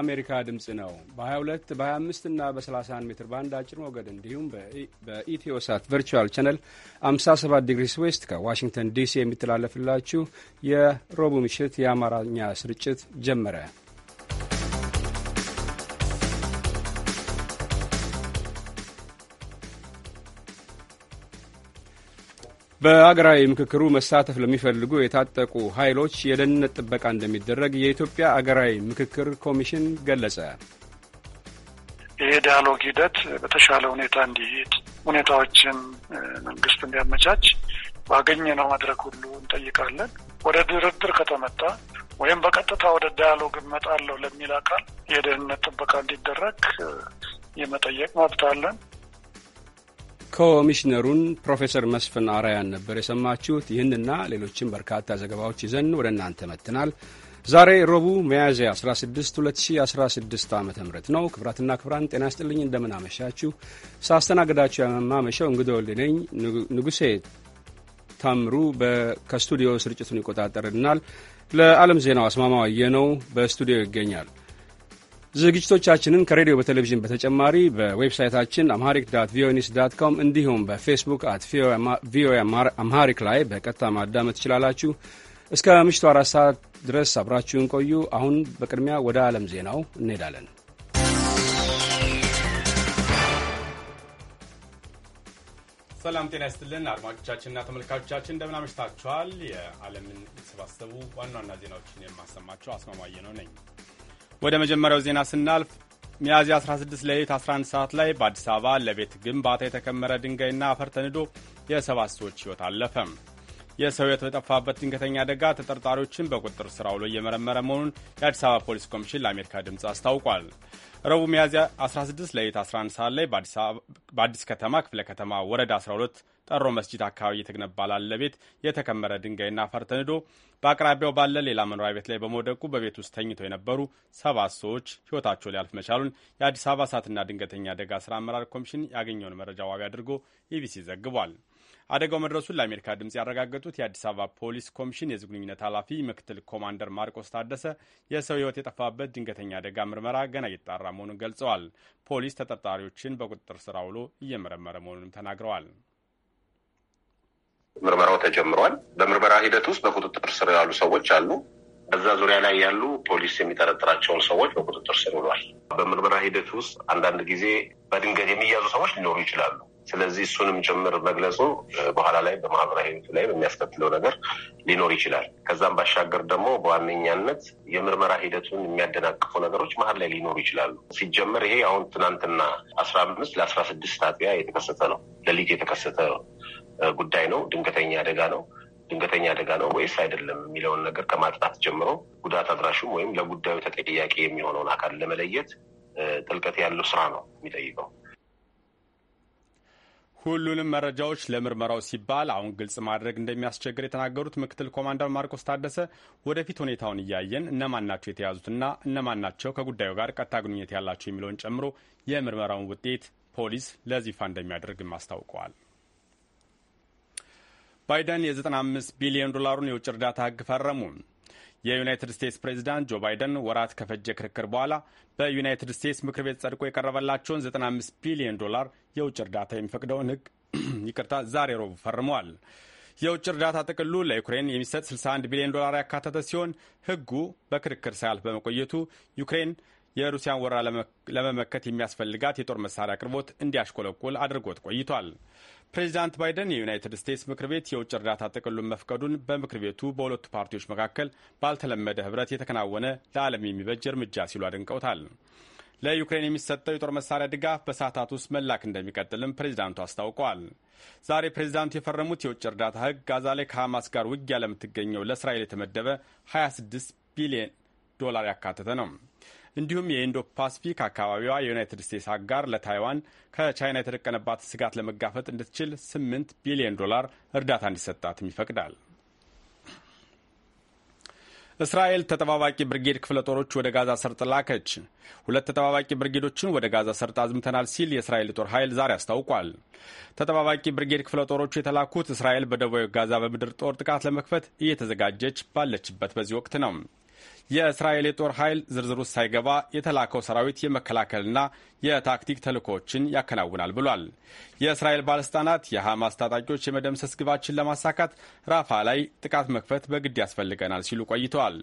ከአሜሪካ ድምፅ ነው። በ22 በ25 እና በ31 ሜትር ባንድ አጭር ሞገድ እንዲሁም በኢትዮሳት ቨርቹዋል ቻነል 57 ዲግሪስ ዌስት ከዋሽንግተን ዲሲ የሚተላለፍላችሁ የሮቡ ምሽት የአማርኛ ስርጭት ጀመረ። በአገራዊ ምክክሩ መሳተፍ ለሚፈልጉ የታጠቁ ኃይሎች የደህንነት ጥበቃ እንደሚደረግ የኢትዮጵያ አገራዊ ምክክር ኮሚሽን ገለጸ። ይህ ዲያሎግ ሂደት በተሻለ ሁኔታ እንዲሄድ ሁኔታዎችን መንግስት እንዲያመቻች ባገኘነው መድረክ ሁሉ እንጠይቃለን። ወደ ድርድር ከተመጣ ወይም በቀጥታ ወደ ዳያሎግ እመጣለሁ ለሚል አካል የደህንነት ጥበቃ እንዲደረግ የመጠየቅ መብት አለን። ኮሚሽነሩን ፕሮፌሰር መስፍን አራያን ነበር የሰማችሁት። ይህንና ሌሎችን በርካታ ዘገባዎች ይዘን ወደ እናንተ መጥተናል። ዛሬ ረቡዕ ሚያዝያ 16 2016 ዓ ም ነው። ክብራትና ክብራን ጤና ይስጥልኝ። እንደምን አመሻችሁ። ሳስተናግዳችሁ ያመማመሸው እንግዶ ወልዴ ንጉሴ ታምሩ ከስቱዲዮ ስርጭቱን ይቆጣጠርልናል። ለዓለም ዜናው አስማማው የነው በስቱዲዮ ይገኛል። ዝግጅቶቻችንን ከሬዲዮ በቴሌቪዥን በተጨማሪ በዌብሳይታችን አምሃሪክ ዳት ቪኦኤ ኒውስ ዳት ኮም እንዲሁም በፌስቡክ አት ቪኦኤ አምሃሪክ ላይ በቀጥታ ማዳመጥ ትችላላችሁ። እስከ ምሽቱ አራት ሰዓት ድረስ አብራችሁን ቆዩ። አሁን በቅድሚያ ወደ ዓለም ዜናው እንሄዳለን። ሰላም ጤና ይስጥልን አድማጮቻችንና ተመልካቾቻችን እንደምን አመሽታችኋል። የዓለምን የተሰባሰቡ ዋና ዋና ዜናዎችን የማሰማቸው አስማማየ ነው ነኝ። ወደ መጀመሪያው ዜና ስናልፍ ሚያዝያ 16 ለሌሊት 11 ሰዓት ላይ በአዲስ አበባ ለቤት ግንባታ የተከመረ ድንጋይና አፈር ተንዶ የሰባት ሰዎች ሕይወት አለፈ። የሰው ሕይወት በጠፋበት ድንገተኛ አደጋ ተጠርጣሪዎችን በቁጥጥር ስር አውሎ እየመረመረ መሆኑን የአዲስ አበባ ፖሊስ ኮሚሽን ለአሜሪካ ድምፅ አስታውቋል። ረቡዕ ሚያዝያ 16 ሌሊት 11 ሰዓት ላይ በአዲስ ከተማ ክፍለ ከተማ ወረዳ 12 ጠሮ መስጂድ አካባቢ እየተገነባ ላለ ቤት የተከመረ ድንጋይና አፈር ተንዶ በአቅራቢያው ባለ ሌላ መኖሪያ ቤት ላይ በመውደቁ በቤት ውስጥ ተኝተው የነበሩ ሰባት ሰዎች ህይወታቸው ሊያልፍ መቻሉን የአዲስ አበባ እሳትና ድንገተኛ አደጋ ስራ አመራር ኮሚሽን ያገኘውን መረጃ ዋቢ አድርጎ ኢቢሲ ዘግቧል። አደጋው መድረሱን ለአሜሪካ ድምፅ ያረጋገጡት የአዲስ አበባ ፖሊስ ኮሚሽን የህዝብ ግንኙነት ኃላፊ ምክትል ኮማንደር ማርቆስ ታደሰ የሰው ህይወት የጠፋበት ድንገተኛ አደጋ ምርመራ ገና እየተጣራ መሆኑን ገልጸዋል። ፖሊስ ተጠርጣሪዎችን በቁጥጥር ስር አውሎ እየመረመረ መሆኑንም ተናግረዋል። ምርመራው ተጀምሯል። በምርመራ ሂደት ውስጥ በቁጥጥር ስር ያሉ ሰዎች አሉ። በዛ ዙሪያ ላይ ያሉ ፖሊስ የሚጠረጥራቸውን ሰዎች በቁጥጥር ስር ውሏል። በምርመራ ሂደት ውስጥ አንዳንድ ጊዜ በድንገት የሚያዙ ሰዎች ሊኖሩ ይችላሉ። ስለዚህ እሱንም ጭምር መግለጹ በኋላ ላይ በማህበራዊ ህይወቱ ላይ በሚያስከትለው ነገር ሊኖር ይችላል። ከዛም ባሻገር ደግሞ በዋነኛነት የምርመራ ሂደቱን የሚያደናቅፉ ነገሮች መሀል ላይ ሊኖሩ ይችላሉ። ሲጀመር ይሄ አሁን ትናንትና አስራ አምስት ለአስራ ስድስት አጥቢያ የተከሰተ ነው። ሌሊት የተከሰተ ጉዳይ ነው። ድንገተኛ አደጋ ነው። ድንገተኛ አደጋ ነው ወይስ አይደለም የሚለውን ነገር ከማጥራት ጀምሮ ጉዳት አድራሹም ወይም ለጉዳዩ ተጠያቂ የሚሆነውን አካል ለመለየት ጥልቀት ያለው ስራ ነው የሚጠይቀው። ሁሉንም መረጃዎች ለምርመራው ሲባል አሁን ግልጽ ማድረግ እንደሚያስቸግር የተናገሩት ምክትል ኮማንደር ማርቆስ ታደሰ ወደፊት ሁኔታውን እያየን እነማን ናቸው የተያዙትና እነማን ናቸው ከጉዳዩ ጋር ቀጥታ ግንኙነት ያላቸው የሚለውን ጨምሮ የምርመራውን ውጤት ፖሊስ ለዚህ ይፋ እንደሚያደርግም አስታውቀዋል። ባይደን የ95 ቢሊዮን ዶላሩን የውጭ እርዳታ ህግ ፈረሙ። የዩናይትድ ስቴትስ ፕሬዚዳንት ጆ ባይደን ወራት ከፈጀ ክርክር በኋላ በዩናይትድ ስቴትስ ምክር ቤት ጸድቆ የቀረበላቸውን 95 ቢሊዮን ዶላር የውጭ እርዳታ የሚፈቅደውን ህግ ይቅርታ ዛሬ ሮብ ፈርመዋል። የውጭ እርዳታ ጥቅሉ ለዩክሬን የሚሰጥ 61 ቢሊዮን ዶላር ያካተተ ሲሆን ህጉ በክርክር ሳያልፍ በመቆየቱ ዩክሬን የሩሲያን ወረራ ለመመከት የሚያስፈልጋት የጦር መሳሪያ አቅርቦት እንዲያሽቆለቁል አድርጎት ቆይቷል። ፕሬዚዳንት ባይደን የዩናይትድ ስቴትስ ምክር ቤት የውጭ እርዳታ ጥቅሉን መፍቀዱን በምክር ቤቱ በሁለቱ ፓርቲዎች መካከል ባልተለመደ ህብረት የተከናወነ ለዓለም የሚበጅ እርምጃ ሲሉ አድንቀውታል። ለዩክሬን የሚሰጠው የጦር መሳሪያ ድጋፍ በሰዓታት ውስጥ መላክ እንደሚቀጥልም ፕሬዚዳንቱ አስታውቀዋል። ዛሬ ፕሬዚዳንቱ የፈረሙት የውጭ እርዳታ ህግ ጋዛ ላይ ከሐማስ ጋር ውጊያ ለምትገኘው ለእስራኤል የተመደበ 26 ቢሊዮን ዶላር ያካተተ ነው። እንዲሁም የኢንዶ ፓስፊክ አካባቢዋ የዩናይትድ ስቴትስ አጋር ለታይዋን ከቻይና የተደቀነባት ስጋት ለመጋፈጥ እንድትችል 8 ቢሊዮን ዶላር እርዳታ እንዲሰጣትም ይፈቅዳል። እስራኤል ተጠባባቂ ብርጌድ ክፍለ ጦሮች ወደ ጋዛ ሰርጥ ላከች። ሁለት ተጠባባቂ ብርጌዶችን ወደ ጋዛ ሰርጥ አዝምተናል ሲል የእስራኤል ጦር ኃይል ዛሬ አስታውቋል። ተጠባባቂ ብርጌድ ክፍለ ጦሮቹ የተላኩት እስራኤል በደቡባዊ ጋዛ በምድር ጦር ጥቃት ለመክፈት እየተዘጋጀች ባለችበት በዚህ ወቅት ነው። የእስራኤል የጦር ኃይል ዝርዝር ውስጥ ሳይገባ የተላከው ሰራዊት የመከላከልና የታክቲክ ተልእኮዎችን ያከናውናል ብሏል። የእስራኤል ባለሥልጣናት የሐማስ ታጣቂዎች የመደምሰስ ግባችን ለማሳካት ራፋ ላይ ጥቃት መክፈት በግድ ያስፈልገናል ሲሉ ቆይተዋል።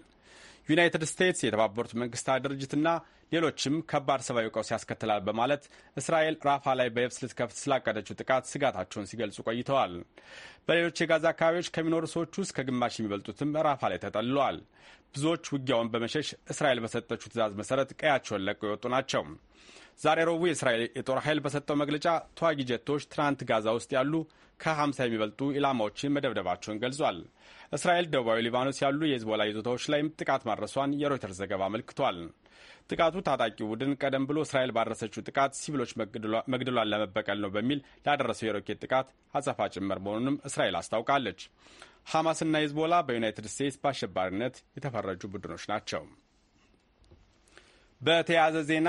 ዩናይትድ ስቴትስ፣ የተባበሩት መንግስታት ድርጅትና ሌሎችም ከባድ ሰብአዊ ቀውስ ያስከትላል በማለት እስራኤል ራፋ ላይ በየብስ ልትከፍት ስላቀደችው ጥቃት ስጋታቸውን ሲገልጹ ቆይተዋል። በሌሎች የጋዛ አካባቢዎች ከሚኖሩ ሰዎች ውስጥ ከግማሽ የሚበልጡትም ራፋ ላይ ተጠልለዋል። ብዙዎች ውጊያውን በመሸሽ እስራኤል በሰጠችው ትዕዛዝ መሰረት ቀያቸውን ለቀው የወጡ ናቸው። ዛሬ ረቡዕ የእስራኤል የጦር ኃይል በሰጠው መግለጫ ተዋጊ ጀቶች ትናንት ጋዛ ውስጥ ያሉ ከ50 የሚበልጡ ኢላማዎችን መደብደባቸውን ገልጿል። እስራኤል ደቡባዊ ሊባኖስ ያሉ የሂዝቦላ ይዞታዎች ላይም ጥቃት ማድረሷን የሮይተርስ ዘገባ አመልክቷል። ጥቃቱ ታጣቂ ቡድን ቀደም ብሎ እስራኤል ባደረሰችው ጥቃት ሲቪሎች መግደሏን ለመበቀል ነው በሚል ላደረሰው የሮኬት ጥቃት አጸፋ ጭምር መሆኑንም እስራኤል አስታውቃለች። ሐማስና ሂዝቦላ በዩናይትድ ስቴትስ በአሸባሪነት የተፈረጁ ቡድኖች ናቸው። በተያያዘ ዜና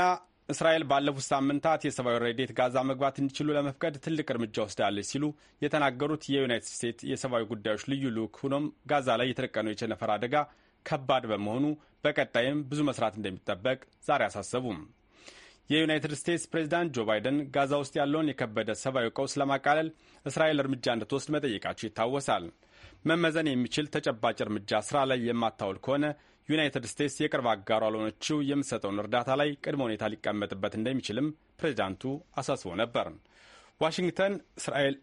እስራኤል ባለፉት ሳምንታት የሰብአዊ ረዴት ጋዛ መግባት እንዲችሉ ለመፍቀድ ትልቅ እርምጃ ወስዳለች ሲሉ የተናገሩት የዩናይትድ ስቴትስ የሰብአዊ ጉዳዮች ልዩ ልዑክ ሆኖም ጋዛ ላይ የተደቀነው የቸነፈር አደጋ ከባድ በመሆኑ በቀጣይም ብዙ መስራት እንደሚጠበቅ ዛሬ አሳሰቡም። የዩናይትድ ስቴትስ ፕሬዚዳንት ጆ ባይደን ጋዛ ውስጥ ያለውን የከበደ ሰብአዊ ቀውስ ለማቃለል እስራኤል እርምጃ እንድትወስድ መጠየቃቸው ይታወሳል። መመዘን የሚችል ተጨባጭ እርምጃ ስራ ላይ የማታውል ከሆነ ዩናይትድ ስቴትስ የቅርብ አጋሯ ለሆነችው የምትሰጠውን እርዳታ ላይ ቅድመ ሁኔታ ሊቀመጥበት እንደሚችልም ፕሬዚዳንቱ አሳስቦ ነበር። ዋሽንግተን እስራኤል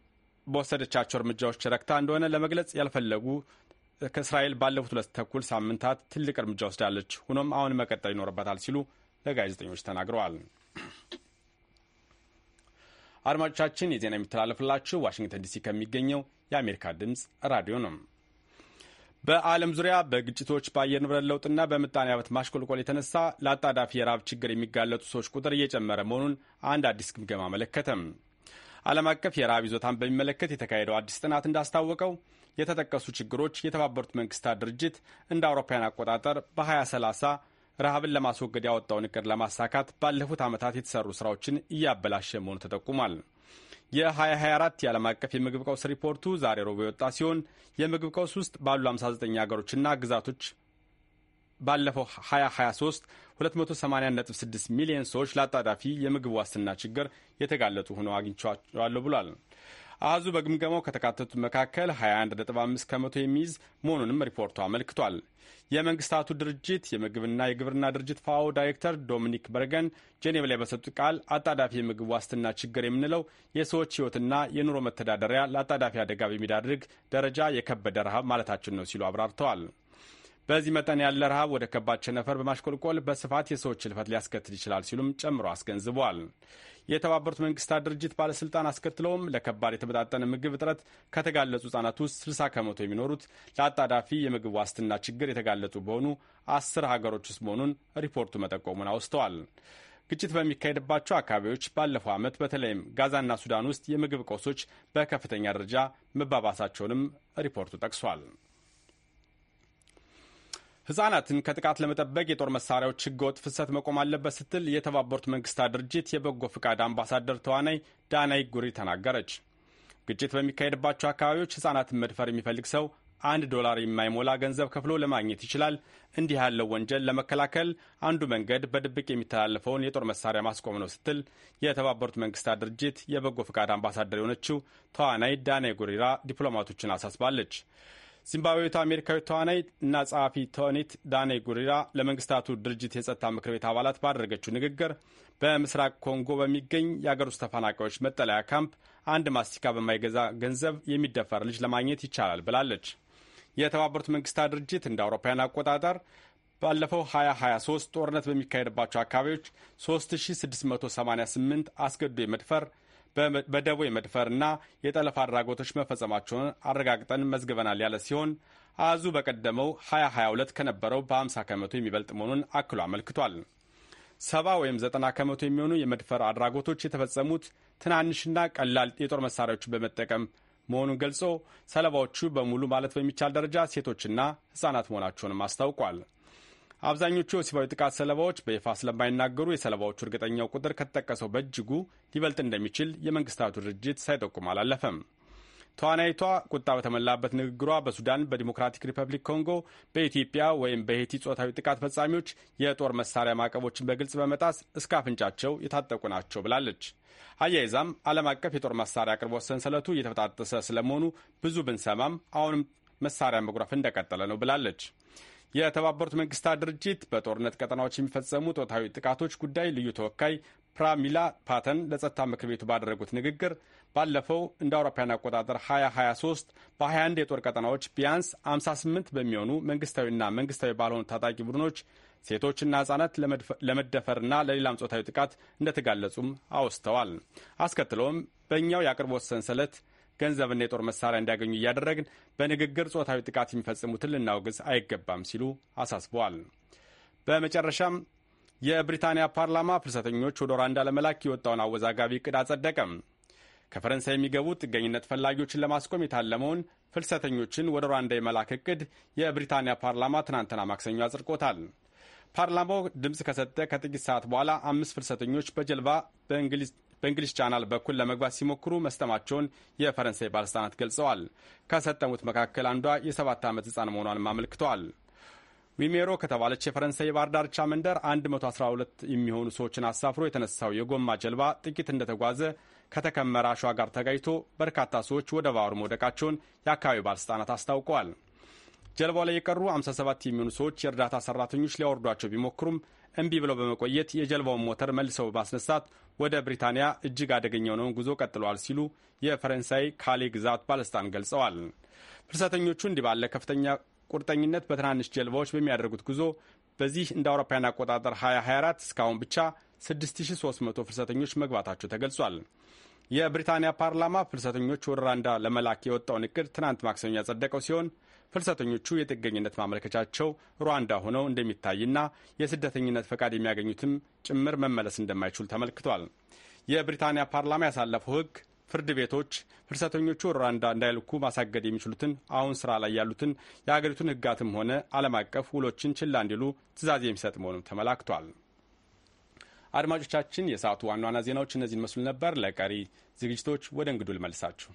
በወሰደቻቸው እርምጃዎች ረክታ እንደሆነ ለመግለጽ ያልፈለጉ ከእስራኤል ባለፉት ሁለት ተኩል ሳምንታት ትልቅ እርምጃ ወስዳለች። ሆኖም አሁን መቀጠል ይኖርበታል ሲሉ ለጋዜጠኞች ተናግረዋል። አድማጮቻችን የዜና የሚተላለፍላችሁ ዋሽንግተን ዲሲ ከሚገኘው የአሜሪካ ድምፅ ራዲዮ ነው። በዓለም ዙሪያ በግጭቶች በአየር ንብረት ለውጥና በምጣኔ ሀብት ማሽቆልቆል የተነሳ ለአጣዳፊ የራብ ችግር የሚጋለጡ ሰዎች ቁጥር እየጨመረ መሆኑን አንድ አዲስ ግምገማ አመለከተም። ዓለም አቀፍ የራብ ይዞታን በሚመለከት የተካሄደው አዲስ ጥናት እንዳስታወቀው የተጠቀሱ ችግሮች የተባበሩት መንግስታት ድርጅት እንደ አውሮፓውያን አቆጣጠር በ2030 ረሃብን ለማስወገድ ያወጣውን እቅድ ለማሳካት ባለፉት ዓመታት የተሰሩ ስራዎችን እያበላሸ መሆኑ ተጠቁሟል። የ2024 የዓለም አቀፍ የምግብ ቀውስ ሪፖርቱ ዛሬ ረቡዕ የወጣ ሲሆን የምግብ ቀውስ ውስጥ ባሉ 59 ሀገሮችና ግዛቶች ባለፈው 2023 28.6 ሚሊዮን ሰዎች ለአጣዳፊ የምግብ ዋስትና ችግር የተጋለጡ ሆነው አግኝቸዋለሁ ብሏል። አሃዙ በግምገማው ከተካተቱት መካከል 21.5 ከመቶ የሚይዝ መሆኑንም ሪፖርቱ አመልክቷል። የመንግስታቱ ድርጅት የምግብና የግብርና ድርጅት ፋኦ ዳይሬክተር ዶሚኒክ በርገን ጄኔቭ ላይ በሰጡት ቃል አጣዳፊ የምግብ ዋስትና ችግር የምንለው የሰዎች ሕይወትና የኑሮ መተዳደሪያ ለአጣዳፊ አደጋ በሚዳርግ ደረጃ የከበደ ረሃብ ማለታችን ነው ሲሉ አብራርተዋል። በዚህ መጠን ያለ ረሃብ ወደ ከባድ ቸነፈር በማሽቆልቆል በስፋት የሰዎች ህልፈት ሊያስከትል ይችላል ሲሉም ጨምሮ አስገንዝቧል። የተባበሩት መንግስታት ድርጅት ባለስልጣን አስከትለውም ለከባድ የተመጣጠነ ምግብ እጥረት ከተጋለጹ ህጻናት ውስጥ 60 ከመቶ የሚኖሩት ለአጣዳፊ የምግብ ዋስትና ችግር የተጋለጡ በሆኑ አስር ሀገሮች ውስጥ መሆኑን ሪፖርቱ መጠቆሙን አውስተዋል። ግጭት በሚካሄድባቸው አካባቢዎች ባለፈው ዓመት በተለይም ጋዛና ሱዳን ውስጥ የምግብ ቀውሶች በከፍተኛ ደረጃ መባባሳቸውንም ሪፖርቱ ጠቅሷል። ህጻናትን ከጥቃት ለመጠበቅ የጦር መሳሪያዎች ህገወጥ ፍሰት መቆም አለበት ስትል የተባበሩት መንግስታት ድርጅት የበጎ ፍቃድ አምባሳደር ተዋናይ ዳናይ ጉሪ ተናገረች። ግጭት በሚካሄድባቸው አካባቢዎች ህጻናትን መድፈር የሚፈልግ ሰው አንድ ዶላር የማይሞላ ገንዘብ ከፍሎ ለማግኘት ይችላል። እንዲህ ያለው ወንጀል ለመከላከል አንዱ መንገድ በድብቅ የሚተላለፈውን የጦር መሳሪያ ማስቆም ነው ስትል የተባበሩት መንግስታት ድርጅት የበጎ ፍቃድ አምባሳደር የሆነችው ተዋናይ ዳናይ ጉሪራ ዲፕሎማቶችን አሳስባለች። ዚምባብዌቱ አሜሪካዊ ተዋናይ እና ጸሐፊ ተውኔት ዳኔ ጉሪራ ለመንግስታቱ ድርጅት የጸጥታ ምክር ቤት አባላት ባደረገችው ንግግር በምስራቅ ኮንጎ በሚገኝ የአገር ውስጥ ተፈናቃዮች መጠለያ ካምፕ አንድ ማስቲካ በማይገዛ ገንዘብ የሚደፈር ልጅ ለማግኘት ይቻላል ብላለች። የተባበሩት መንግስታት ድርጅት እንደ አውሮፓውያን አቆጣጠር ባለፈው 2023 ጦርነት በሚካሄድባቸው አካባቢዎች 3688 አስገድዶ የመድፈር መድፈር የመድፈርና የጠለፋ አድራጎቶች መፈጸማቸውን አረጋግጠን መዝግበናል ያለ ሲሆን አዙ በቀደመው 2022 ከነበረው በ50 ከመቶ የሚበልጥ መሆኑን አክሎ አመልክቷል። ሰባ ወይም ዘጠና ከመቶ የሚሆኑ የመድፈር አድራጎቶች የተፈጸሙት ትናንሽና ቀላል የጦር መሳሪያዎችን በመጠቀም መሆኑን ገልጾ ሰለባዎቹ በሙሉ ማለት በሚቻል ደረጃ ሴቶችና ሕጻናት መሆናቸውንም አስታውቋል። አብዛኞቹ የወሲባዊ ጥቃት ሰለባዎች በይፋ ስለማይናገሩ የሰለባዎቹ እርግጠኛው ቁጥር ከተጠቀሰው በእጅጉ ሊበልጥ እንደሚችል የመንግስታቱ ድርጅት ሳይጠቁም አላለፈም። ተዋናይቷ ቁጣ በተሞላበት ንግግሯ በሱዳን፣ በዲሞክራቲክ ሪፐብሊክ ኮንጎ፣ በኢትዮጵያ ወይም በሄቲ ጾታዊ ጥቃት ፈጻሚዎች የጦር መሳሪያ ማዕቀቦችን በግልጽ በመጣስ እስከ አፍንጫቸው የታጠቁ ናቸው ብላለች። አያይዛም ዓለም አቀፍ የጦር መሳሪያ አቅርቦት ሰንሰለቱ እየተበጣጠሰ ስለመሆኑ ብዙ ብንሰማም አሁንም መሳሪያ መጉረፍ እንደቀጠለ ነው ብላለች። የተባበሩት መንግስታት ድርጅት በጦርነት ቀጠናዎች የሚፈጸሙ ጾታዊ ጥቃቶች ጉዳይ ልዩ ተወካይ ፕራሚላ ፓተን ለጸጥታ ምክር ቤቱ ባደረጉት ንግግር ባለፈው እንደ አውሮፓውያን አቆጣጠር 2023 በ21 የጦር ቀጠናዎች ቢያንስ 58 በሚሆኑ መንግስታዊና መንግስታዊ ባልሆኑ ታጣቂ ቡድኖች ሴቶችና ህጻናት ለመደፈርና ለሌላም ጾታዊ ጥቃት እንደተጋለጹም አውስተዋል። አስከትለውም በእኛው የአቅርቦት ሰንሰለት ገንዘብና የጦር መሳሪያ እንዲያገኙ እያደረግን በንግግር ጾታዊ ጥቃት የሚፈጽሙትን ልናውግዝ አይገባም ሲሉ አሳስበዋል። በመጨረሻም የብሪታንያ ፓርላማ ፍልሰተኞች ወደ ሩዋንዳ ለመላክ የወጣውን አወዛጋቢ እቅድ አጸደቀም። ከፈረንሳይ የሚገቡ ጥገኝነት ፈላጊዎችን ለማስቆም የታለመውን ፍልሰተኞችን ወደ ሩዋንዳ የመላክ እቅድ የብሪታንያ ፓርላማ ትናንትና ማክሰኞ አጽድቆታል። ፓርላማው ድምፅ ከሰጠ ከጥቂት ሰዓት በኋላ አምስት ፍልሰተኞች በጀልባ በእንግሊዝ በእንግሊዝ ቻናል በኩል ለመግባት ሲሞክሩ መስጠማቸውን የፈረንሳይ ባለሥልጣናት ገልጸዋል። ከሰጠሙት መካከል አንዷ የሰባት ዓመት ሕፃን መሆኗንም አመልክተዋል። ዊሜሮ ከተባለች የፈረንሳይ የባህር ዳርቻ መንደር 112 የሚሆኑ ሰዎችን አሳፍሮ የተነሳው የጎማ ጀልባ ጥቂት እንደተጓዘ ከተከመረ አሸዋ ጋር ተጋጭቶ በርካታ ሰዎች ወደ ባህሩ መውደቃቸውን የአካባቢው ባለስልጣናት አስታውቀዋል። ጀልባው ላይ የቀሩ 57 የሚሆኑ ሰዎች የእርዳታ ሰራተኞች ሊያወርዷቸው ቢሞክሩም እምቢ ብለው በመቆየት የጀልባውን ሞተር መልሰው በማስነሳት ወደ ብሪታንያ እጅግ አደገኛ የሆነውን ጉዞ ቀጥለዋል ሲሉ የፈረንሳይ ካሌ ግዛት ባለስልጣን ገልጸዋል። ፍልሰተኞቹ እንዲህ ባለ ከፍተኛ ቁርጠኝነት በትናንሽ ጀልባዎች በሚያደርጉት ጉዞ በዚህ እንደ አውሮፓውያን አቆጣጠር 2024 እስካሁን ብቻ 6300 ፍልሰተኞች መግባታቸው ተገልጿል። የብሪታንያ ፓርላማ ፍልሰተኞች ወረራንዳ ለመላክ የወጣውን እቅድ ትናንት ማክሰኞ ያጸደቀው ሲሆን ፍልሰተኞቹ የጥገኝነት ማመልከቻቸው ሩዋንዳ ሆነው እንደሚታይና የስደተኝነት ፈቃድ የሚያገኙትም ጭምር መመለስ እንደማይችሉ ተመልክቷል። የብሪታንያ ፓርላማ ያሳለፈው ሕግ ፍርድ ቤቶች ፍልሰተኞቹ ሩዋንዳ እንዳይልኩ ማሳገድ የሚችሉትን አሁን ስራ ላይ ያሉትን የአገሪቱን ሕጋትም ሆነ ዓለም አቀፍ ውሎችን ችላ እንዲሉ ትዕዛዝ የሚሰጥ መሆኑም ተመላክቷል። አድማጮቻችን፣ የሰዓቱ ዋና ዋና ዜናዎች እነዚህን መስሉ ነበር። ለቀሪ ዝግጅቶች ወደ እንግዱ ልመልሳችሁ።